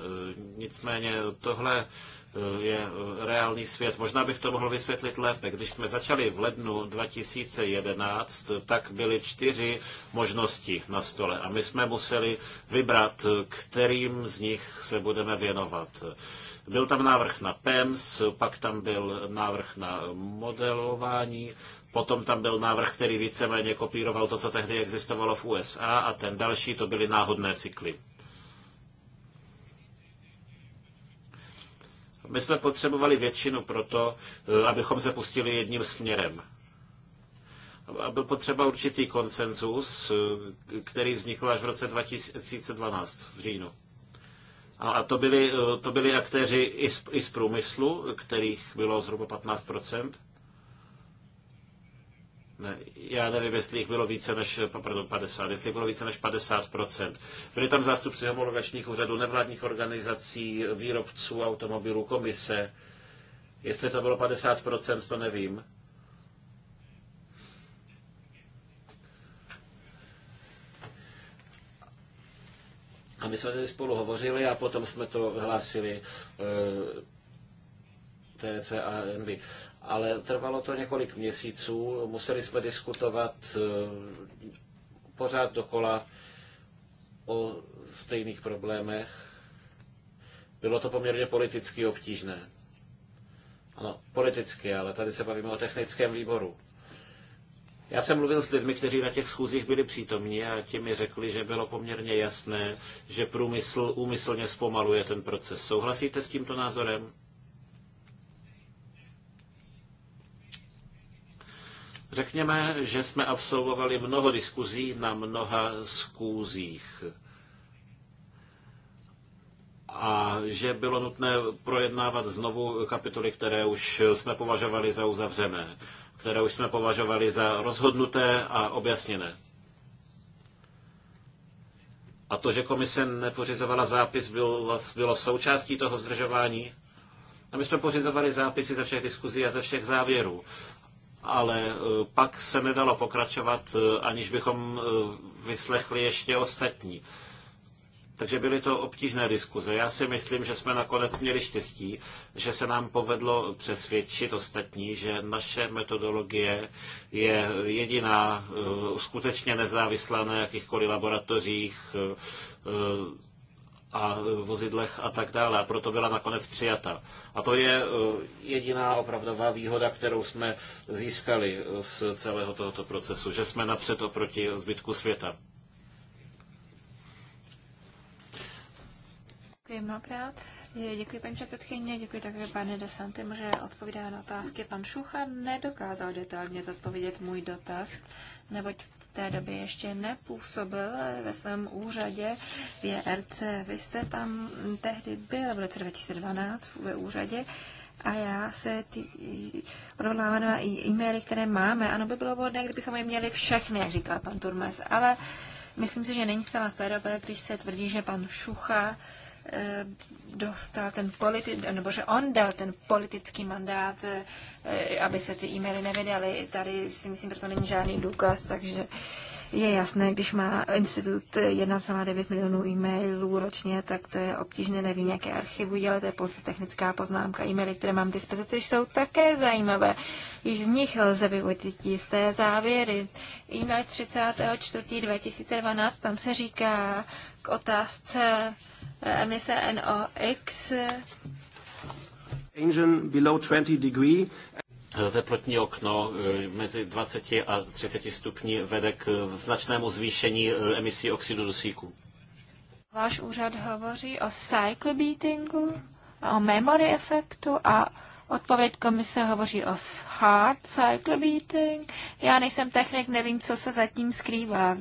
Nicméně tohle Eh, je eh, reálný svět. Možná bych to mohl vysvětlit lépe. Když jsme začali v lednu 2011, tak byly čtyři možnosti na stole a my jsme museli vybrat, kterým z nich se budeme věnovat. Byl tam návrh na PEMS, pak tam byl návrh na modelování, potom tam byl návrh, který víceméně kopíroval to, co tehdy existovalo v USA a ten další to byly náhodné cykly. My jsme potřebovali většinu pro to, eh, abychom se pustili jedním směrem. A byl potřeba určitý konsenzus, eh, který vznikl až v roce 2012 v říjnu. A to byli, eh, to byli aktéři i z, i z průmyslu, kterých bylo zhruba 15 ne, já nevím, jestli jich bylo více než, pardon, 50, jestli bylo více než 50%. Byli tam zástupci homologačních úřadů, nevládních organizací, výrobců automobilů, komise. Jestli to bylo 50%, to nevím. A my jsme tady spolu hovořili a potom jsme to hlásili e, eh, TC a Envy ale trvalo to několik měsíců, museli jsme diskutovat eh, pořád dokola o stejných problémech. Bylo to poměrně politicky obtížné. Ano, politicky, ale tady se bavíme o technickém výboru. Já jsem mluvil s lidmi, kteří na těch schůzích byli přítomní a ti mi řekli, že bylo poměrně jasné, že průmysl úmyslně zpomaluje ten proces. Souhlasíte s tímto názorem? Řekněme, že jsme absolvovali mnoho diskuzí na mnoha schůzích a že bylo nutné projednávat znovu kapitoly, které už jsme považovali za uzavřené, které už jsme považovali za rozhodnuté a objasněné. A to, že komise nepořizovala zápis, bylo, bylo součástí toho zdržování. A my jsme pořizovali zápisy ze všech diskuzí a ze všech závěrů ale eh, pak se nedalo pokračovat, eh, aniž bychom eh, vyslechli ještě ostatní. Takže byly to obtížné diskuze. Já si myslím, že jsme nakonec měli štěstí, že se nám povedlo přesvědčit ostatní, že naše metodologie je jediná skutečně nezávislá na jakýchkoliv laboratořích a vozidlech a tak dále. A proto byla nakonec přijata. A to je eh, jediná opravdová výhoda, kterou jsme získali eh, z celého tohoto procesu, že jsme napřed oproti zbytku světa. Děkuji mnohokrát. Děkuji paní předsedkyně, děkuji také pane Desanty, že odpovídá na otázky. Pan Šucha nedokázal detailně zodpovědět můj dotaz, neboť v té době ještě nepůsobil ve svém úřadě v JRC. Vy jste tam tehdy byl v roce 2012 ve úřadě a já se ty odvolávám na e-maily, které máme. Ano, by bylo vhodné, kdybychom je měli všechny, jak říkal pan Turmes, ale myslím si, že není zcela férové, když se tvrdí, že pan Šucha Eh, dostal ten politi- nebo že on dal ten politický mandát, eh, aby se ty e-maily nevydaly. Tady si myslím, že to není žádný důkaz, takže je jasné, když má institut 1,9 milionů e-mailů ročně, tak to je obtížné, nevím, jaké archivu ale to je pouze technická poznámka. E-maily, které mám k dispozici, jsou také zajímavé. Již z nich lze vyvodit jisté závěry. E-mail 34.2012, tam se říká k otázce emise NOx. Engine below 20 degree teplotní okno eh, mezi 20 a 30 stupni vede k eh, značnému zvýšení eh, emisí oxidu dusíku. Váš úřad hovoří o cycle beatingu, o memory efektu a odpověď komise hovoří o hard cycle beating. Já nejsem technik, nevím, co se zatím skrývá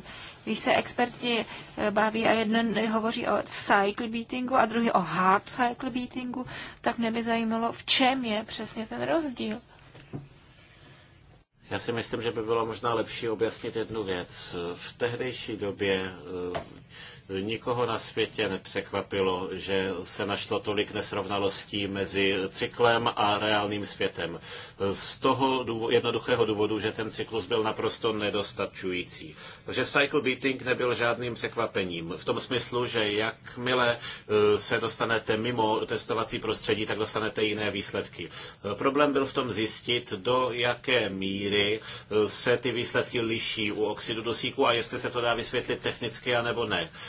když se experti eh, baví a jeden hovoří o cycle beatingu a druhý o hard cycle beatingu, tak mě by zajímalo, v čem je přesně ten rozdíl. Já si myslím, že by bylo možná lepší objasnit jednu věc. V tehdejší době eh, Nikoho na světě nepřekvapilo, že se našlo tolik nesrovnalostí mezi cyklem a reálným světem. Z toho jednoduchého důvodu, že ten cyklus byl naprosto nedostačující. Takže cycle beating nebyl žádným překvapením. V tom smyslu, že jakmile e, se dostanete mimo testovací prostředí, tak dostanete jiné výsledky. E, problém byl v tom zjistit, do jaké míry e, se ty výsledky liší u oxidu dusíku a jestli se to dá vysvětlit technicky anebo ne.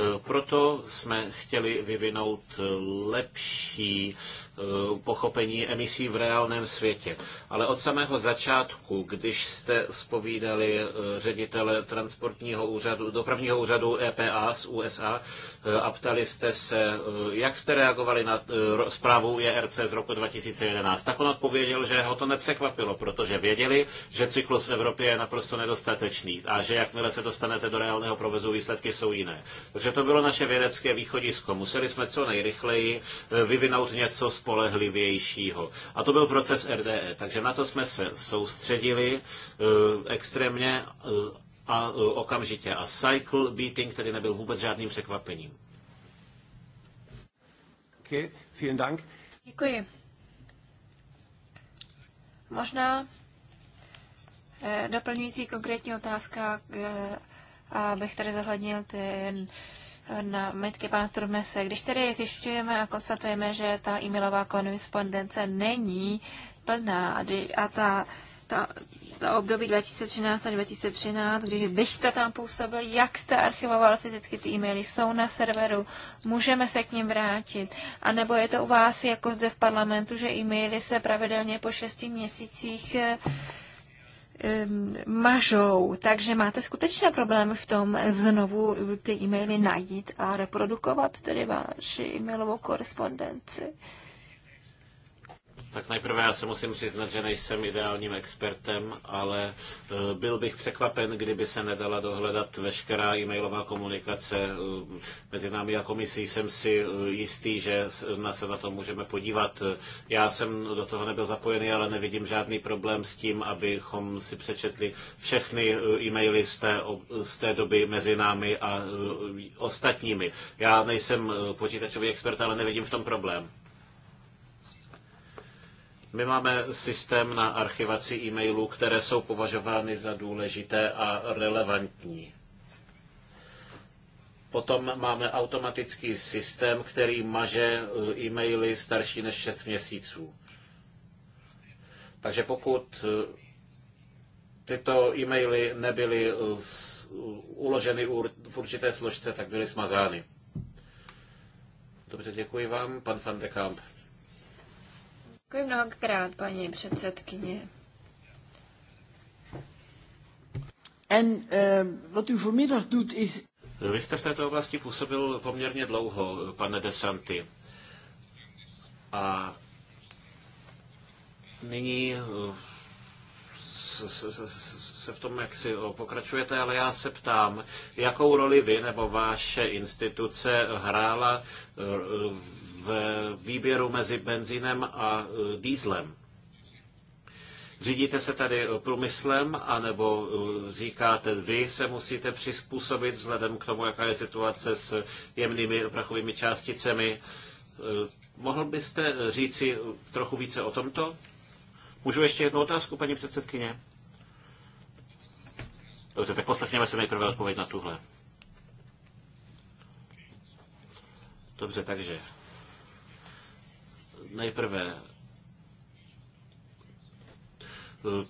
Eh, proto jsme chtěli vyvinout eh, lepší eh, pochopení emisí v reálném světě. Ale od samého začátku, když jste spovídali ředitele transportního úřadu, dopravního úřadu EPA z USA a ptali jste se, jak jste reagovali na zprávu JRC e z roku 2011, tak on odpověděl, že ho to nepřekvapilo, protože věděli, že cyklus v Evropě je naprosto nedostatečný a že jakmile se dostanete do reálného provozu, výsledky jsou jiné. Takže takže to bylo naše vědecké východisko. Museli jsme co nejrychleji eh, vyvinout něco spolehlivějšího. A to byl proces RDE. Takže na to jsme se soustředili eh, extrémně eh, a okamžitě. A cycle beating tedy nebyl vůbec žádným překvapením. Okay, vielen Dank. Děkuji. Možná doplňující konkrétní otázka k a abych tady zohlednil ty na mytky pana Turmese. Když tedy zjišťujeme a konstatujeme, že ta e-mailová korespondence není plná a ta, ta, ta období 2013 a 2013, když vy jste tam působil, jak jste archivoval fyzicky ty e-maily, jsou na serveru, můžeme se k ním vrátit, a nebo je to u vás jako zde v parlamentu, že e-maily se pravidelně po šesti měsících eh, mažou, takže máte skutečně problém v tom znovu ty e-maily najít a reprodukovat tedy vaši e-mailovou korespondenci. Tak nejprve já se musím přiznat, že nejsem ideálním expertem, ale eh, byl bych překvapen, kdyby se nedala dohledat veškerá e-mailová komunikace eh, mezi námi a komisí. Jsem si eh, jistý, že na se na to můžeme podívat. Já jsem do toho nebyl zapojený, ale nevidím žádný problém s tím, abychom si přečetli všechny e-maily z té, z té doby mezi námi a ostatními. Já nejsem počítačový expert, ale nevidím v tom problém. My máme systém na archivaci e-mailů, které jsou považovány za důležité a relevantní. Potom máme automatický systém, který maže eh, e-maily starší než 6 měsíců. Takže pokud eh, tyto e-maily nebyly eh, uloženy v určité složce, tak byly smazány. Dobře, děkuji vám, pan van de Kamp. Děkuji mnohokrát, paní předsedkyně. And, uh, eh, wat u vanmiddag doet is... Vy jste v této oblasti působil poměrně dlouho, pane Desanti. A nyní eh, se, se, se v tom, jak si pokračujete, ale já se ptám, jakou roli vy nebo vaše instituce hrála eh, v výběru mezi benzínem a e, dýzlem. Řídíte se tady e, průmyslem, anebo e, říkáte, vy se musíte přizpůsobit vzhledem k tomu, jaká je situace s jemnými prachovými částicemi. Mohl byste říci trochu více o tomto? Můžu ještě jednu otázku, paní předsedkyně? Dobře, tak poslechněme se nejprve odpověď na tuhle. Dobře, takže Nejprve eh,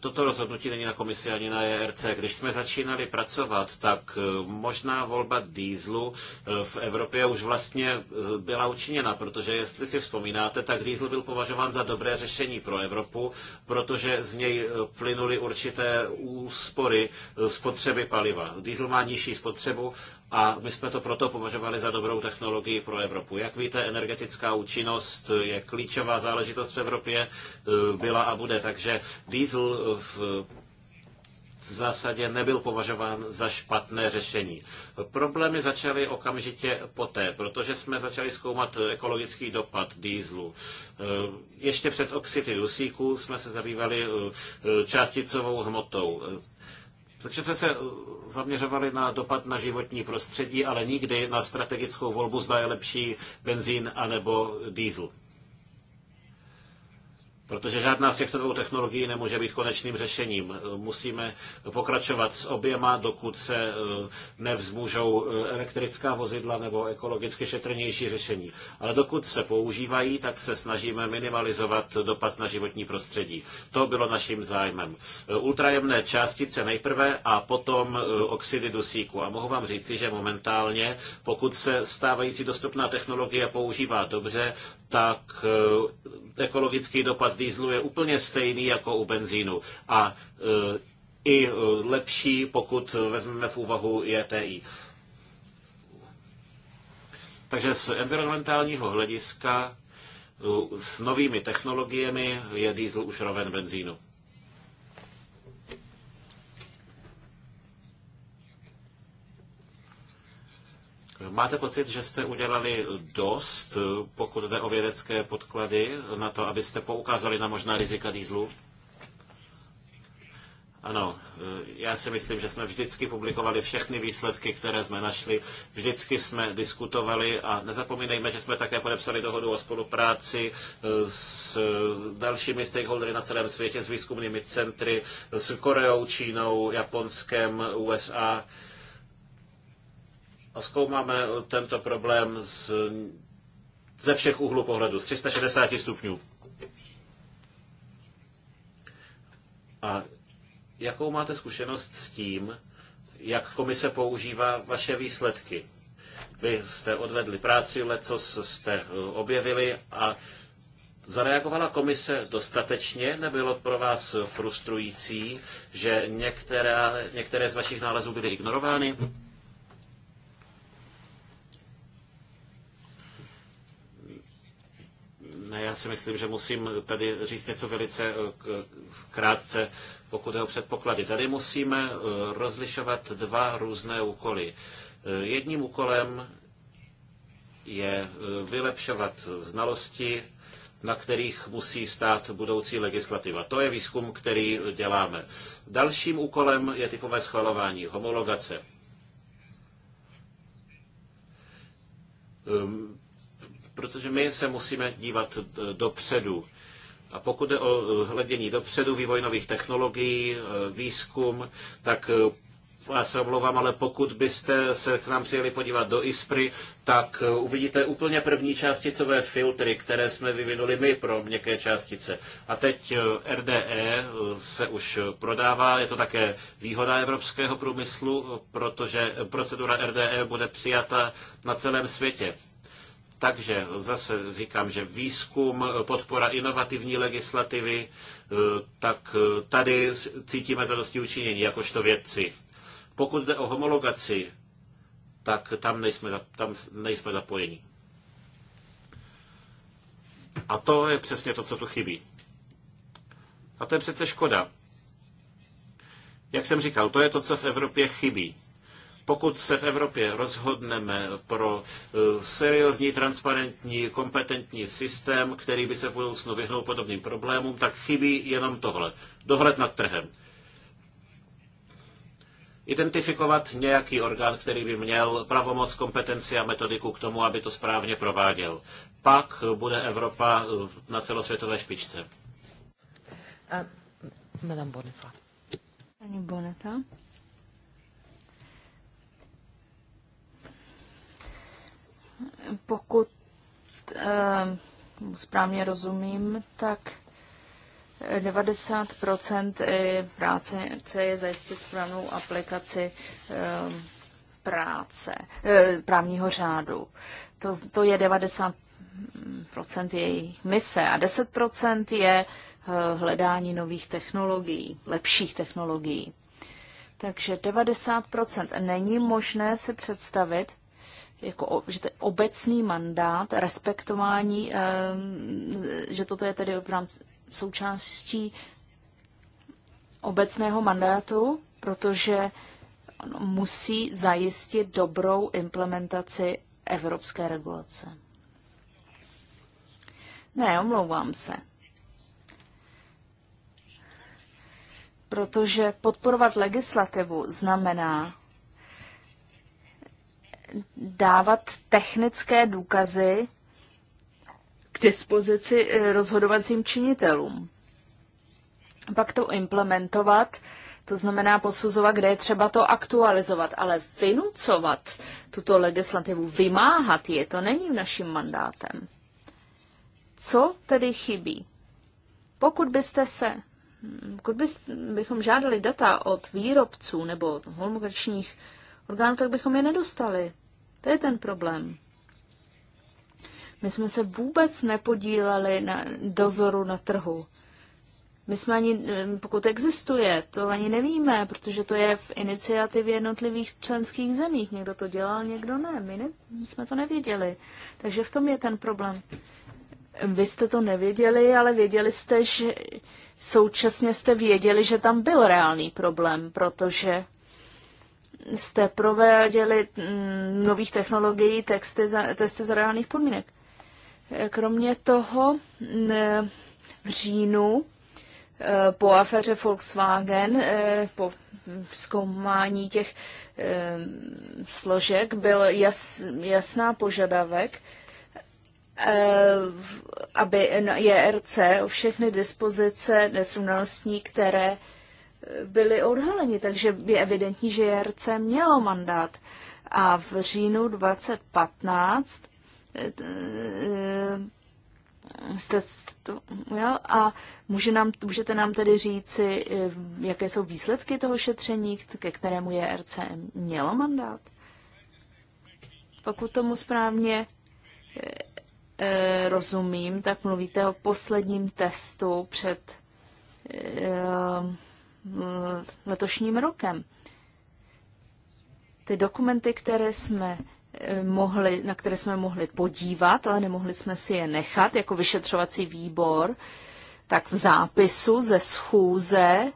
toto rozhodnutí není na komisi ani na ERC. Když jsme začínali pracovat, tak eh, možná volba dýzlu eh, v Evropě už vlastně byla učiněna, protože jestli si vzpomínáte, tak dýzl byl považován za dobré řešení pro Evropu, protože z něj plynuly určité úspory spotřeby paliva. Dýzl má nižší spotřebu a my jsme to proto považovali za dobrou technologii pro Evropu. Jak víte, energetická účinnost je klíčová záležitost v Evropě, e, byla a bude, takže diesel v v zásadě nebyl považován za špatné řešení. Problémy začaly okamžitě poté, protože jsme začali zkoumat ekologický dopad dýzlu. E, ještě před oxidy dusíku jsme se zabývali e, částicovou hmotou. Takže jste se zaměřovali na dopad na životní prostředí, ale nikdy na strategickou volbu, zda je lepší benzín anebo diesel. Protože žádná z těchto dvou technologií nemůže být konečným řešením. Musíme pokračovat s oběma, dokud se eh, nevzmůžou eh, elektrická vozidla nebo ekologicky šetrnější řešení. Ale dokud se používají, tak se snažíme minimalizovat dopad na životní prostředí. To bylo naším zájmem. Eh, ultrajemné částice nejprve a potom oxidy dusíku. A mohu vám říci, že momentálně, pokud se stávající dostupná technologie používá dobře, tak eh, ekologický dopad dýzlu je úplně stejný jako u benzínu. A eh, i eh, lepší, pokud vezmeme v úvahu JTI. E Takže z environmentálního hlediska s novými technologiemi je diesel už roven benzínu. Máte pocit, že jste udělali dost, pokud jde o vědecké podklady, na to, abyste poukázali na možná rizika dýzlu? Ano, já si myslím, že jsme vždycky publikovali všechny výsledky, které jsme našli, vždycky jsme diskutovali a nezapomínejme, že jsme také podepsali dohodu o spolupráci s dalšími stakeholdery na celém světě, s výzkumnými centry, s Koreou, Čínou, Japonskem, USA a zkoumáme tento problém z, ze všech úhlů pohledu, z 360 stupňů. A jakou máte zkušenost s tím, jak komise používá vaše výsledky? Vy jste odvedli práci, leco jste eh, objevili a Zareagovala komise dostatečně? Nebylo pro vás frustrující, že některé, některé z vašich nálezů byly ignorovány? Ne, já si myslím, že musím tady říct něco velice eh, krátce, pokud je o předpoklady. Tady musíme eh, rozlišovat dva různé úkoly. Eh, jedním úkolem je vylepšovat znalosti, na kterých musí stát budoucí legislativa. To je výzkum, který děláme. Dalším úkolem je typové schvalování, homologace. Ehm, protože my se musíme dívat eh, dopředu. A pokud jde o eh, hledění dopředu, vývoj nových technologií, eh, výzkum, tak já se omlouvám, ale pokud byste se k nám přijeli podívat do ISPRY, tak uvidíte úplně první částicové filtry, které jsme vyvinuli my pro měkké částice. A teď RDE se už prodává, je to také výhoda evropského průmyslu, protože procedura RDE bude přijata na celém světě. Takže zase říkám, že výzkum, podpora inovativní legislativy, e, tak e, tady cítíme zadosti učinění, jakožto vědci. Pokud jde o homologaci, tak tam nejsme, tam nejsme zapojeni. A to je přesně to, co tu chybí. A to je přece škoda. Jak jsem říkal, to je to, co v Evropě chybí. Pokud se v Evropě rozhodneme pro e, seriózní, transparentní, kompetentní systém, který by se v budoucnu vyhnul podobným problémům, tak chybí jenom tohle. Dohled nad trhem identifikovat nějaký orgán, který by měl pravomoc, kompetenci a metodiku k tomu, aby to správně prováděl. Pak bude Evropa e, na celosvětové špičce. Eh, madame Bonnefa. Pani Boneta. Pokud eh, správně rozumím, tak 90 práce je zajistit správnou aplikaci eh, práce, eh, právního řádu. To, to je 90 její mise a 10 je hledání nových technologií, lepších technologií. Takže 90 není možné si představit, jako, že to je obecný mandát, respektování, eh, že toto je tedy v rámci součástí obecného mandátu, protože musí zajistit dobrou implementaci evropské regulace. Ne, omlouvám se. Protože podporovat legislativu znamená dávat technické důkazy k dispozici eh, rozhodovacím činitelům. Pak to implementovat, to znamená posuzovat, kde je třeba to aktualizovat, ale vynucovat tuto legislativu, vymáhat je, to není naším mandátem. Co tedy chybí? Pokud byste se, hm, pokud bychom žádali data od výrobců nebo homologačních orgánů, tak bychom je nedostali. To je ten problém. My jsme se vůbec nepodíleli na dozoru na trhu. My jsme ani, eh, pokud existuje, to ani nevíme, protože to je v iniciativě jednotlivých členských zemích. Někdo to dělal, někdo ne. My, ne, my jsme to nevěděli. Takže v tom je ten problém. Vy jste to nevěděli, ale věděli jste, že současně jste věděli, že tam byl reálný problém, protože jste prováděli mm, nových technologií texty za, testy za reálných podmínek. Eh, kromě toho mm, v říjnu eh, po aféře Volkswagen, eh, po zkoumání těch složek, byl jas, jasná požadavek, aby JRC e o všechny dispozice nesrovnalostní, které byli odhaleni, takže je evidentní, že JRC mělo mandát. A v říjnu 2015 eh, eh, jste to a může nám, můžete nám tedy říci, eh, jaké jsou výsledky toho šetření, ke kterému je RC mělo mandát? Pokud tomu správně rozumím, tak mluvíte o posledním testu před letošním rokem. Ty dokumenty, které jsme eh, mohli, na které jsme mohli podívat, ale nemohli jsme si je nechat jako vyšetřovací výbor, tak v zápisu ze schůze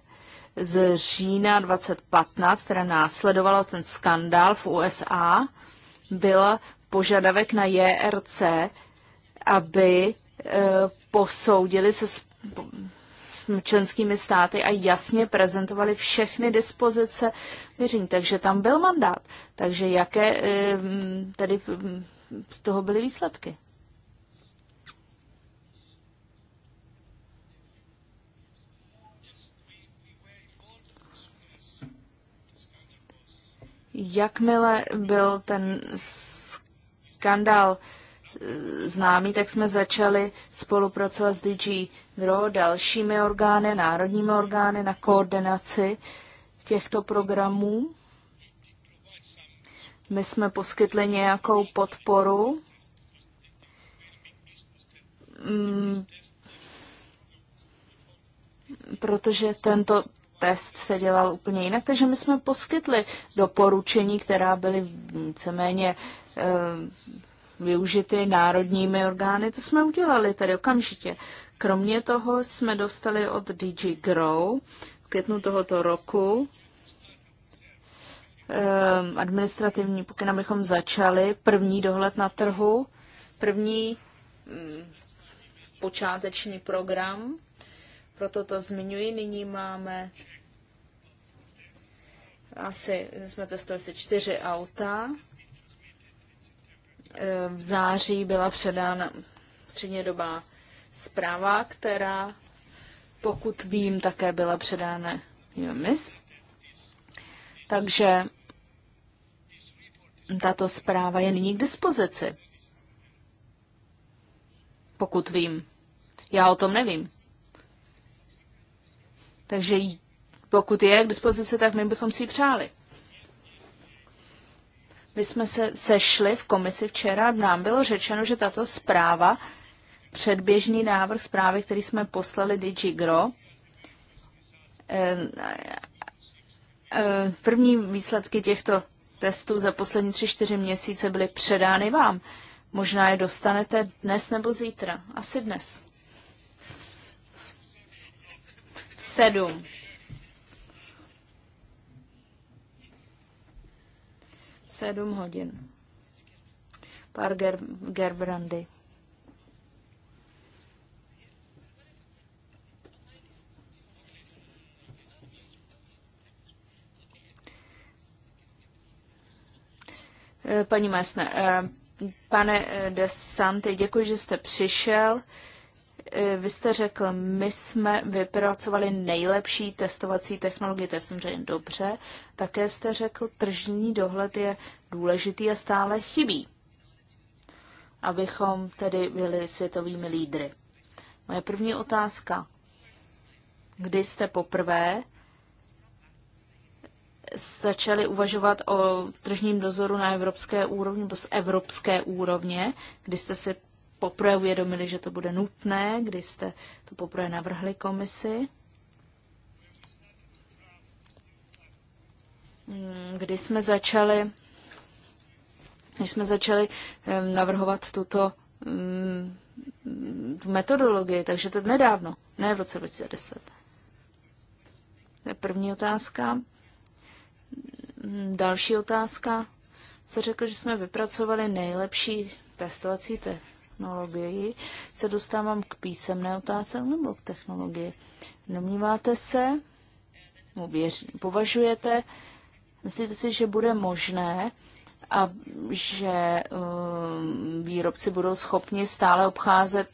z října 2015, která následovala ten skandál v USA, byl požadavek na JRC, aby eh, posoudili se členskými státy a jasně prezentovali všechny dispozice věřím. Takže tam byl mandát. Takže jaké eh, tedy mm, z toho byly výsledky? Jakmile byl ten skandál eh, známý, tak jsme začali spolupracovat s DG kdo dalšími orgány, národními orgány na koordinaci těchto programů. My jsme poskytli nějakou podporu. Mm, protože tento test se dělal úplně jinak, takže my jsme poskytli doporučení, která byly víceméně e, využity národními orgány. To jsme udělali tady okamžitě. Kromě toho jsme dostali od DG Grow v květnu tohoto roku ehm, administrativní pokyn, abychom začali první dohled na trhu, první mm, počáteční program, proto to zmiňuji. Nyní máme asi, jsme testovali asi čtyři auta. Ehm, v září byla předána střednědobá zpráva, která, pokud vím, také byla předána UMIS. Takže tato zpráva je nyní k dispozici. Pokud vím. Já o tom nevím. Takže pokud je k dispozici, tak my bychom si ji přáli. My jsme se sešli v komisi včera a nám bylo řečeno, že tato zpráva předběžný návrh zprávy, který jsme poslali DigiGro. Eh, eh, první výsledky těchto testů za poslední tři čtyři měsíce byly předány vám. Možná je dostanete dnes nebo zítra. Asi dnes. V sedm. Sedm hodin. Pár ger- gerbrandy. Paní Masne, eh, pane eh, De Santy, děkuji, že jste přišel. Eh, vy jste řekl, my jsme vypracovali nejlepší testovací technologie, to je samozřejmě dobře. Také jste řekl, tržní dohled je důležitý a stále chybí, abychom tedy byli světovými lídry. Moje první otázka. Kdy jste poprvé začali uvažovat o tržním dozoru na evropské úrovni, nebo z evropské úrovně, kdy jste si poprvé uvědomili, že to bude nutné, kdy jste to poprvé navrhli komisi. Hmm, kdy jsme začali, když jsme začali navrhovat tuto v mm, metodologii, takže to nedávno, ne v roce 2010. To je první otázka. Mm, další otázka. Se řekl, že jsme vypracovali nejlepší testovací technologii. Se dostávám k písemné otázce nebo k technologii. Domníváte se, uvěř, považujete, myslíte si, že bude možné, a že um, výrobci budou schopni stále obcházet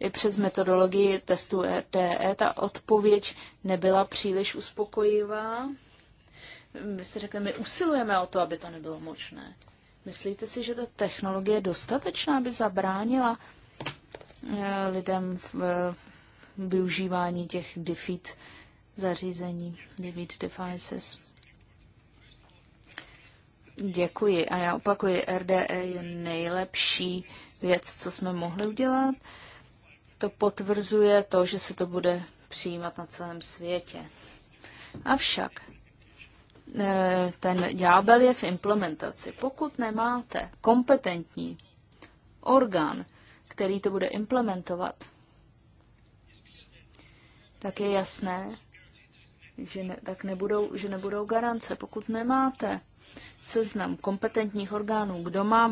i přes metodologii testu RTE. E? Ta odpověď nebyla příliš uspokojivá. Vy jste řekli, my usilujeme o to, aby to nebylo možné. Myslíte si, že ta technologie je dostatečná, aby zabránila eh, lidem eh, v využívání těch defeat zařízení, defeat devices? Děkuji. A já opakuji, RDE je nejlepší věc, co jsme mohli udělat. To potvrzuje to, že se to bude přijímat na celém světě. Avšak Eh, ten ďábel je v implementaci. Pokud nemáte kompetentní orgán, který to bude implementovat, tak je jasné, že ne, tak nebudou, že nebudou garance. Pokud nemáte seznam kompetentních orgánů, kdo má,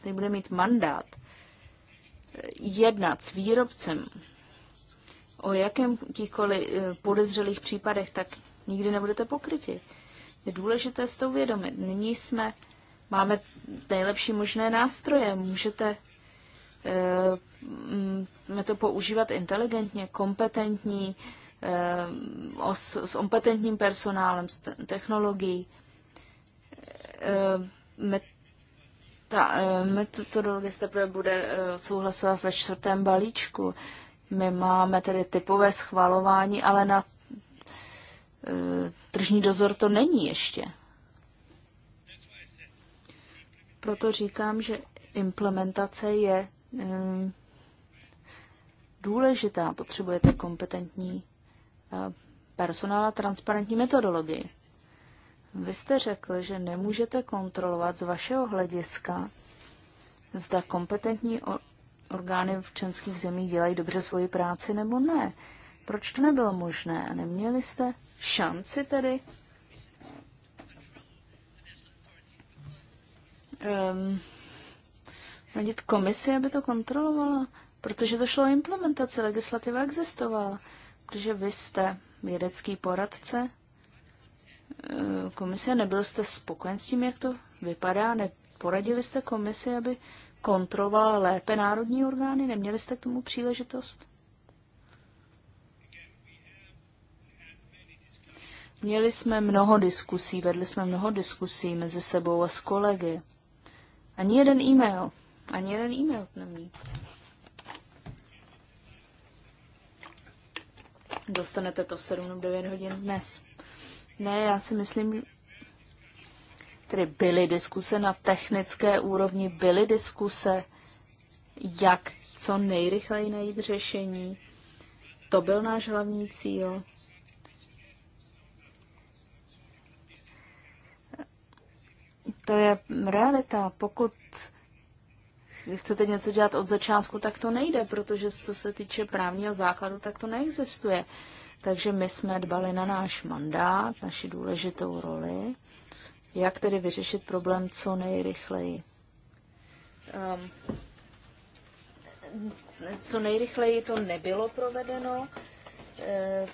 který bude mít mandát eh, jednat s výrobcem o jakýmkoliv eh, podezřelých případech, tak nikdy nebudete pokryti je důležité s to vědomit. Nyní jsme, máme nejlepší možné nástroje, můžete e, to používat inteligentně, kompetentní, e, os, s kompetentním personálem, s technologií. E, ta e, metodologie teprve bude souhlasovat ve čtvrtém balíčku. My máme tedy typové schvalování, ale na Eh, tržní dozor to není ještě. Proto říkám, že implementace je eh, důležitá. Potřebujete kompetentní eh, personál a transparentní metodologii. Vy jste řekl, že nemůžete kontrolovat z vašeho hlediska, zda kompetentní orgány v členských zemích dělají dobře svoji práci nebo ne. Proč to nebylo možné? A neměli jste šanci tedy? Um, ehm, radit komisi, aby to kontrolovala, protože to šlo o implementaci, legislativa existovala, protože vy jste vědecký poradce, eh, komise, nebyl jste spokojen s tím, jak to vypadá, neporadili jste komisi, aby kontrolovala lépe národní orgány, neměli jste k tomu příležitost? Měli jsme mnoho diskusí, vedli jsme mnoho diskusí mezi sebou a s kolegy. Ani jeden e-mail, ani jeden e-mail není. Dostanete to v 7 9 hodin dnes. Ne, já si myslím, tedy byly diskuse na technické úrovni, byly diskuse, jak co nejrychleji najít řešení. To byl náš hlavní cíl. To je realita. Pokud chcete něco dělat od začátku, tak to nejde, protože co se týče právního základu, tak to neexistuje. Takže my jsme dbali na náš mandát, naši důležitou roli, jak tedy vyřešit problém co nejrychleji. Um, co nejrychleji to nebylo provedeno. E,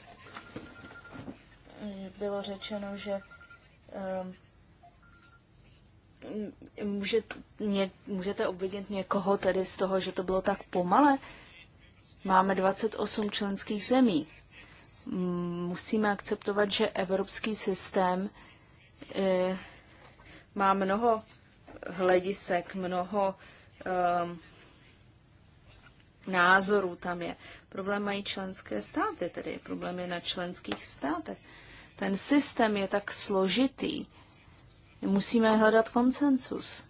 bylo řečeno, že e, může, mě, můžete obvidět někoho tedy z toho, že to bylo tak pomale? Máme 28 členských zemí. Musíme akceptovat, že evropský systém e, má mnoho hledisek, mnoho e, názorů tam je. Problém mají členské státy, tedy problém je na členských státech. Ten systém je tak složitý, Musíme hledat konsensus.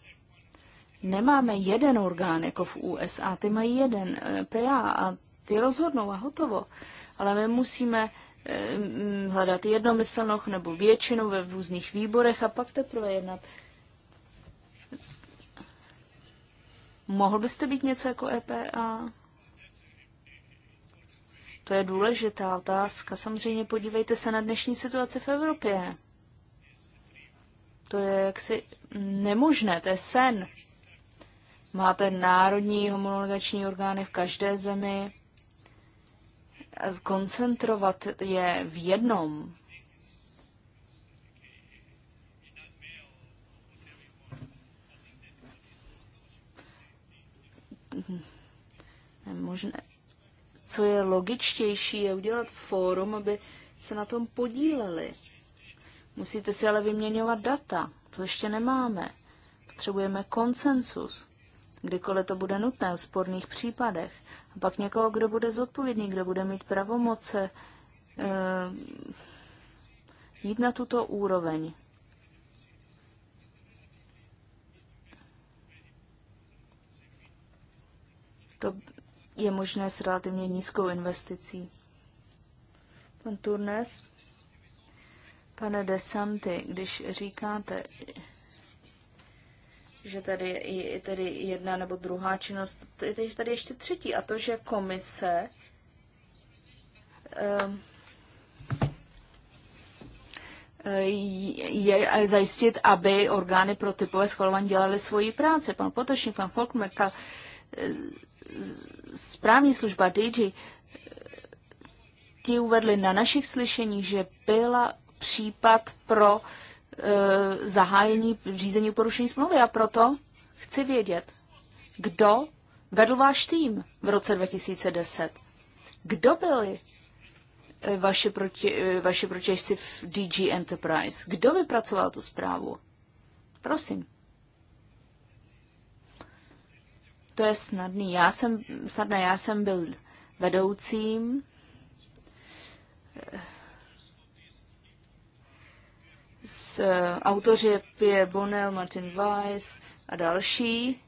Nemáme jeden orgán jako v USA, ty mají jeden eh, PA a ty rozhodnou a hotovo. Ale my musíme eh, mm, hledat jednomyslnost nebo většinu ve různých výborech a pak teprve jednat. Mohl byste být něco jako EPA? To je důležitá otázka. Samozřejmě podívejte se na dnešní situaci v Evropě. To je jaksi nemožné, to je sen. Máte národní homologační orgány v každé zemi. Koncentrovat je v jednom. Nemožné. Co je logičtější, je udělat fórum, aby se na tom podíleli. Musíte si ale vyměňovat data, to ještě nemáme. Potřebujeme konsensus, kdykoliv to bude nutné v sporných případech. A pak někoho, kdo bude zodpovědný, kdo bude mít pravomoce e, jít na tuto úroveň. To je možné s relativně nízkou investicí. Pan Turnes. Pane Desanty, když říkáte, že tady je tady jedna nebo druhá činnost, je tady, tady ještě třetí, a to, že komise ehm, je zajistit, aby orgány pro typové schvalování dělaly svoji práci. Pan Potočník, pan Folkmerka, eh, správní služba DG, eh, ti uvedli na našich slyšeních, že byla případ pro e, zahájení řízení porušení smlouvy a proto chci vědět, kdo vedl váš tým v roce 2010. Kdo byli e, vaše, proti, e, vaše protěžci v DG Enterprise? Kdo vypracoval tu zprávu? Prosím. To je snadný. Já jsem, snadné, já jsem byl vedoucím s eh, autoři Pierre Bonnell, Martin Weiss a další.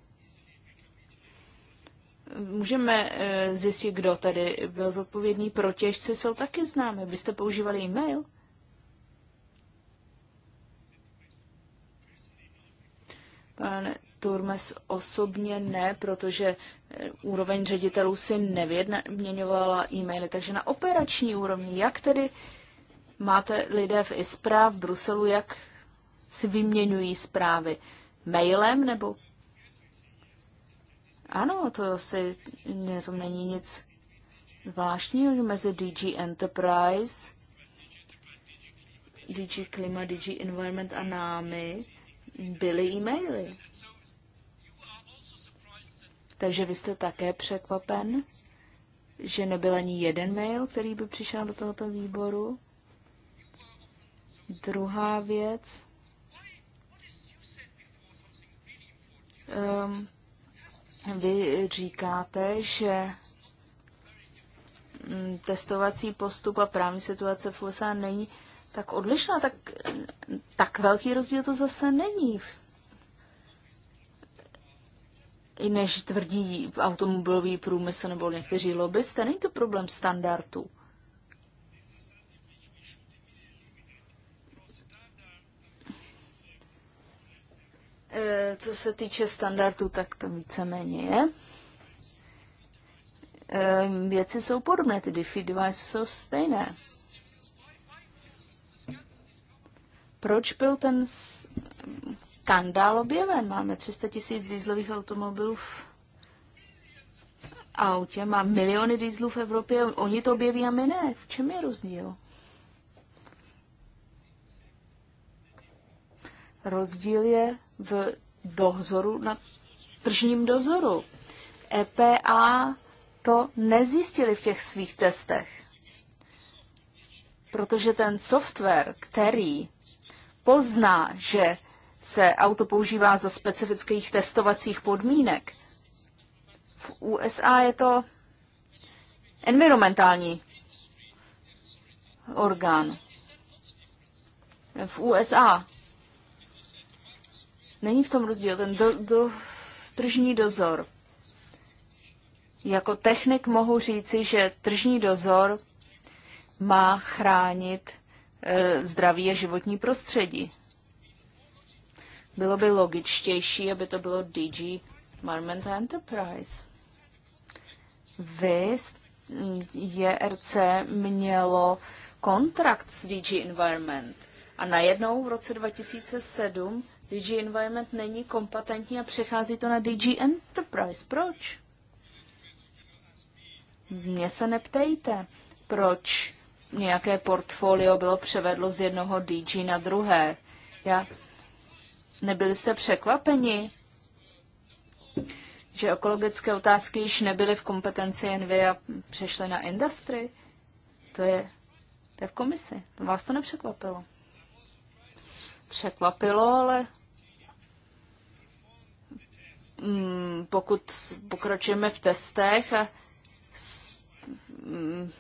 Můžeme eh, zjistit, kdo tady byl zodpovědný pro těžce, jsou taky známé. Byste používali e-mail? Pan Turmes osobně ne, protože eh, úroveň ředitelů si nevyměňovala e-maily, takže na operační úrovni, jak tedy máte lidé v ISPRA v Bruselu, jak si vyměňují zprávy? Mailem nebo? Ano, to asi to není nic zvláštního mezi DG Enterprise, DG Klima, DG Environment a námi byly e-maily. Takže vy jste také překvapen, že nebyl ani jeden mail, který by přišel do tohoto výboru? Druhá věc. Um, vy říkáte, že mm, testovací postup a právní situace v USA není tak odlišná, tak, tak velký rozdíl to zase není. I než tvrdí automobilový průmysl nebo někteří lobbysté, není to problém standardů. Eh, co se týče standardů, tak to víceméně je. Ehm, věci jsou podobné, ty DeFi device jsou stejné. Proč byl ten skandál objeven? Máme 300 tisíc dýzlových automobilů v autě, má miliony dýzlů v Evropě, oni to objeví a my ne. V čem je rozdíl? Rozdíl je v dozoru na tržním dozoru. EPA to nezjistili v těch svých testech, protože ten software, který pozná, že se auto používá za specifických testovacích podmínek, v USA je to environmentální orgán. V USA Není v tom rozdíl. Ten do, do, tržní dozor. Jako technik mohu říci, že tržní dozor má chránit e, zdraví a životní prostředí. Bylo by logičtější, aby to bylo DG Environment Enterprise. Vy, JRC, mělo kontrakt s DG Environment a najednou v roce 2007 DG Environment není kompatentní a přechází to na DG Enterprise. Proč? Mně se neptejte, proč nějaké portfolio bylo převedlo z jednoho DG na druhé. Já, nebyli jste překvapeni, že ekologické otázky již nebyly v kompetenci NV a přešly na industry? To je, to je v komisi. Vás to nepřekvapilo. Překvapilo, ale Mm, pokud pokračujeme v testech a mm,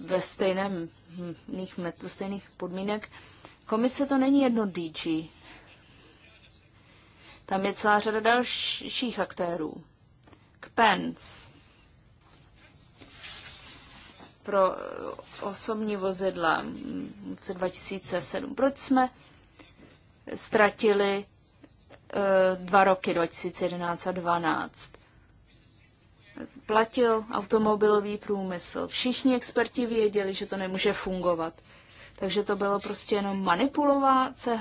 ve stejném, ve stejných podmínek, komise to není jedno DG. Tam je celá řada dalších aktérů. Kpens pro osobní vozidla v roce 2007. Proč jsme ztratili Eh, dva roky, 2011 a 2012. Platil automobilový průmysl. Všichni experti věděli, že to nemůže fungovat. Takže to bylo prostě jenom manipulovace,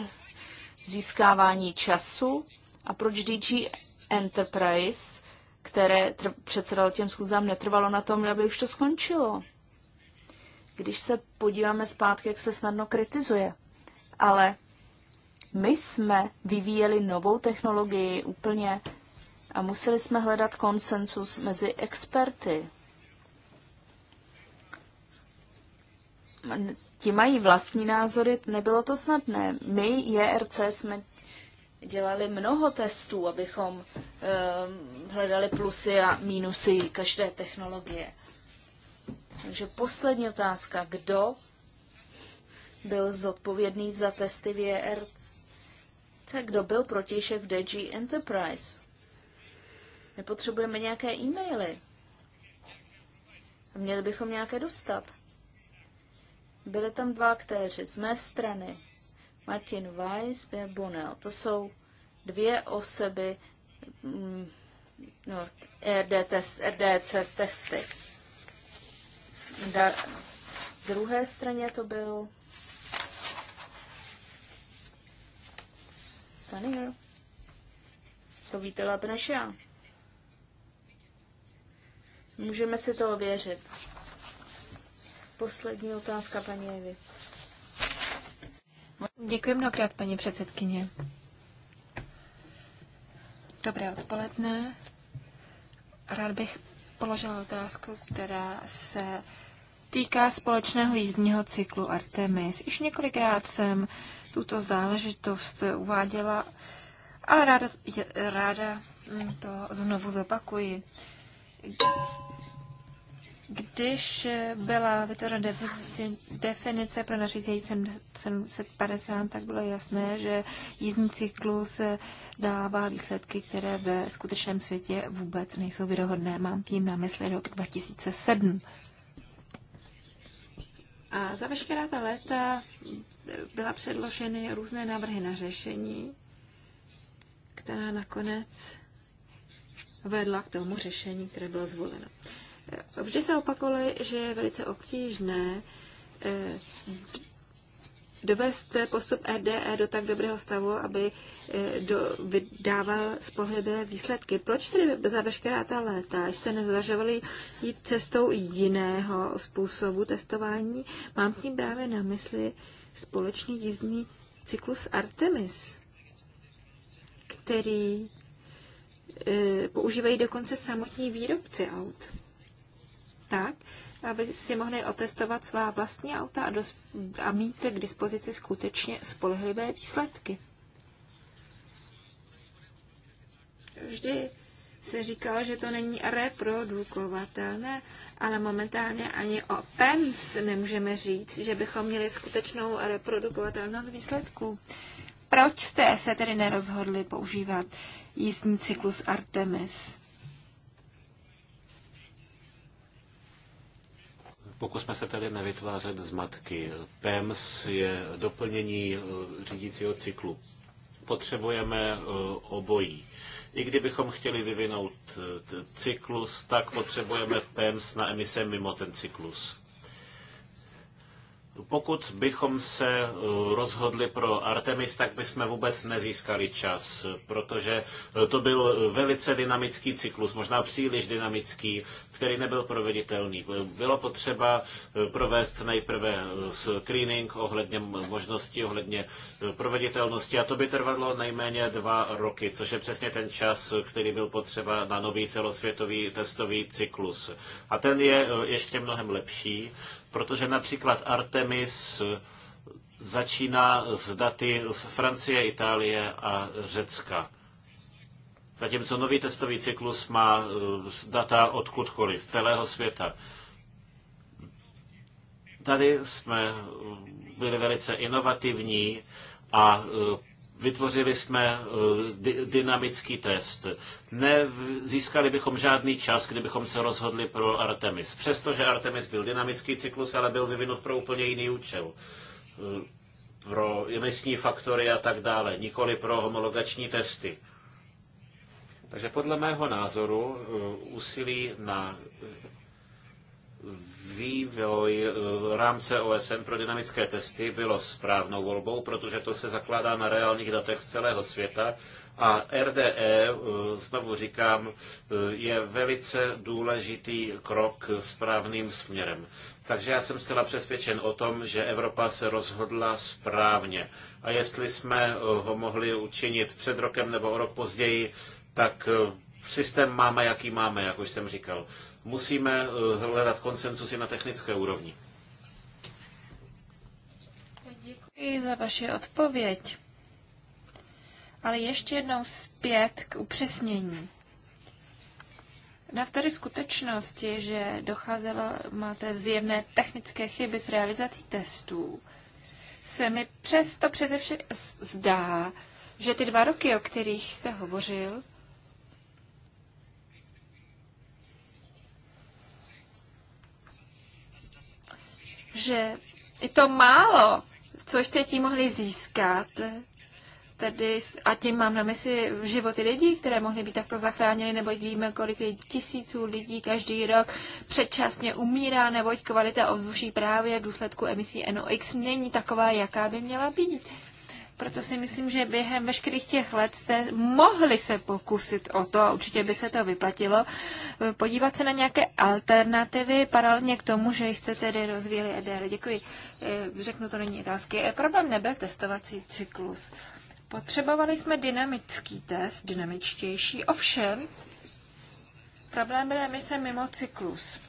získávání času. A proč DG Enterprise, které tr- předsedal těm schůzám, netrvalo na tom, aby už to skončilo? Když se podíváme zpátky, jak se snadno kritizuje. Ale my jsme vyvíjeli novou technologii úplně a museli jsme hledat konsensus mezi experty. Ti mají vlastní názory, nebylo to snadné. My, JRC, jsme dělali mnoho testů, abychom um, hledali plusy a mínusy každé technologie. Takže poslední otázka. Kdo byl zodpovědný za testy v JRC? kdo byl protějšek v DG Enterprise. My potřebujeme nějaké e-maily. Měli bychom nějaké dostat. Byly tam dva aktéři z mé strany. Martin Weiss, Bill Bonnell. To jsou dvě osoby mm, no, RD test, RDC testy. Na druhé straně to byl Stanier. To víte lépe než já. Můžeme si to ověřit. Poslední otázka, paní Evy. Děkuji mnohokrát, paní předsedkyně. Dobré odpoledne. Rád bych položila otázku, která se týká společného jízdního cyklu Artemis. Již několikrát jsem tuto záležitost uváděla, ale ráda, ráda to znovu zopakuji. Když byla vytvořena definice pro nařízení 750, tak bylo jasné, že jízdní cyklus dává výsledky, které ve skutečném světě vůbec nejsou věrohodné. Mám tím na mysli rok 2007. A za veškerá ta léta byla předloženy různé návrhy na řešení, která nakonec vedla k tomu řešení, které bylo zvoleno. Vždy se opakovali, že je velice obtížné eh, dovést postup RDE do tak dobrého stavu, aby e, do, vydával spolehlivé výsledky. Proč tedy za veškerá ta léta jste nezvažovali jít cestou jiného způsobu testování? Mám tím právě na mysli společný jízdní cyklus Artemis, který e, používají dokonce samotní výrobci aut. Tak, aby si mohli otestovat svá vlastní auta a, dos- a mít k dispozici skutečně spolehlivé výsledky. Vždy se říkalo, že to není reprodukovatelné, ale momentálně ani o PEMS nemůžeme říct, že bychom měli skutečnou reprodukovatelnost výsledků. Proč jste se tedy nerozhodli používat jízdní cyklus Artemis? Pokusme se tady nevytvářet zmatky. PEMS je doplnění eh, řídícího cyklu. Potřebujeme eh, obojí. I kdybychom chtěli vyvinout eh, cyklus, tak potřebujeme PEMS na emise mimo ten cyklus. Pokud bychom se eh, rozhodli pro Artemis, tak bychom vůbec nezískali čas, protože eh, to byl eh, velice dynamický cyklus, možná příliš dynamický, který nebyl proveditelný. Bylo potřeba provést nejprve screening ohledně možností, ohledně proveditelnosti a to by trvalo nejméně dva roky, což je přesně ten čas, který byl potřeba na nový celosvětový testový cyklus. A ten je ještě mnohem lepší, Protože například Artemis začíná s daty z Francie, Itálie a Řecka. Zatímco nový testový cyklus má eh, data odkudkoliv, z celého světa. Tady jsme eh, byli velice inovativní a eh, Vytvořili jsme eh, dynamický test. Nezískali bychom žádný čas, kdybychom se rozhodli pro Artemis. Přestože Artemis byl dynamický cyklus, ale byl vyvinut pro úplně jiný účel eh, pro emisní faktory a tak dále, nikoli pro homologační testy. Takže podle mého názoru eh, úsilí na vývoj eh, rámce OSN pro dynamické testy bylo správnou volbou, protože to se zakládá na reálných datech z celého světa a RDE, eh, znovu říkám, eh, je velice důležitý krok správným směrem. Takže já jsem zcela přesvědčen o tom, že Evropa se rozhodla správně. A jestli jsme ho mohli učinit před rokem nebo o rok později, tak systém máme, jaký máme, jak už jsem říkal. Musíme eh, hledat koncensus i na technické úrovni. Děkuji za vaši odpověď. Ale ještě jednou zpět k upřesnění. Navzdory skutečnosti, že docházelo, máte zjevné technické chyby s realizací testů, se mi přesto přeze zdá, že ty dva roky, o kterých jste hovořil, že i to málo, co jste tím mohli získat, tedy, a tím mám na mysli životy lidí, které mohly být takto zachráněny, nebo víme, kolik tisíců lidí každý rok předčasně umírá, neboť kvalita ovzduší právě v důsledku emisí NOx není taková, jaká by měla být. Proto si myslím, že během veškerých těch let jste mohli se pokusit o to, a určitě by se to vyplatilo, eh, podívat se na nějaké alternativy paralelně k tomu, že jste tedy rozvíjeli EDR. Děkuji. Eh, řeknu, to není otázky. Eh, problém nebyl testovací cyklus. Potřebovali jsme dynamický test, dynamičtější, ovšem problém byl emise mimo cyklus.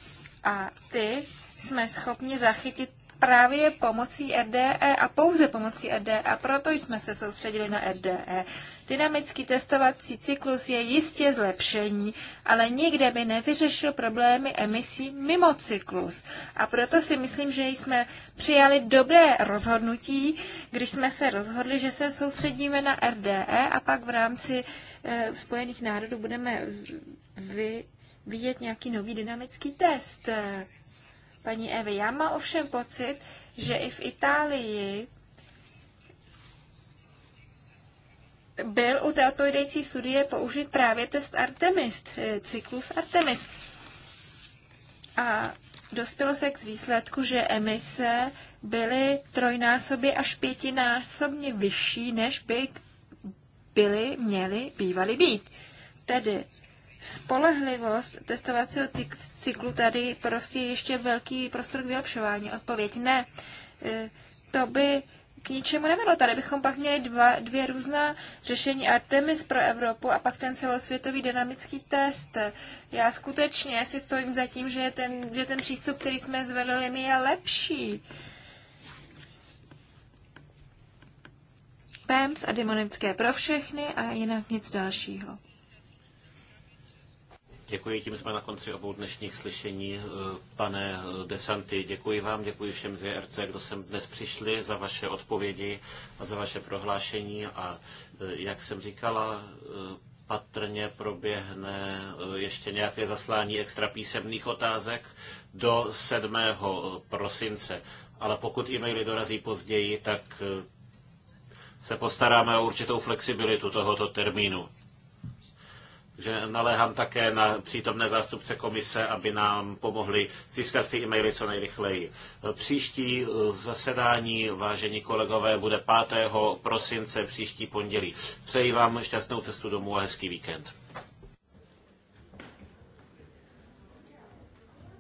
A ty jsme schopni zachytit právě pomocí RDE a pouze pomocí RDE a proto jsme se soustředili na RDE. Dynamický testovací cyklus je jistě zlepšení, ale nikde by nevyřešil problémy emisí mimo cyklus. A proto si myslím, že jsme přijali dobré rozhodnutí, když jsme se rozhodli, že se soustředíme na RDE a pak v rámci e, Spojených národů budeme vyvíjet nějaký nový dynamický test paní Evy. Já mám ovšem pocit, že i v Itálii byl u té odpovědající studie použit právě test Artemis, eh, cyklus Artemis. A dospělo se k výsledku, že emise byly trojnásobně až pětinásobně vyšší, než by byly, měly, bývaly být. Tedy Spolehlivost testovacího cyklu tady prostě ještě velký prostor k vylepšování. Odpověď ne. E, to by k ničemu nevedlo. Tady bychom pak měli dva, dvě různá řešení Artemis pro Evropu a pak ten celosvětový dynamický test. Já skutečně si stojím za tím, že ten, že ten přístup, který jsme zvedli, mi je lepší. PEMS a demonické pro všechny a jinak nic dalšího. Děkuji, tím jsme na konci obou dnešních slyšení. Eh, pane Desanty, děkuji vám, děkuji všem z JRC, kdo sem dnes přišli, za vaše odpovědi a za vaše prohlášení. A eh, jak jsem říkala, eh, patrně proběhne ještě nějaké zaslání extra písemných otázek do 7. prosince. Ale pokud e-maily dorazí později, tak se postaráme o určitou flexibilitu tohoto termínu že naléhám také na přítomné zástupce komise, aby nám pomohli získat ty e-maily co nejrychleji. Příští eh, zasedání, vážení kolegové, bude 5. prosince příští pondělí. Přeji vám šťastnou cestu domů a hezký víkend.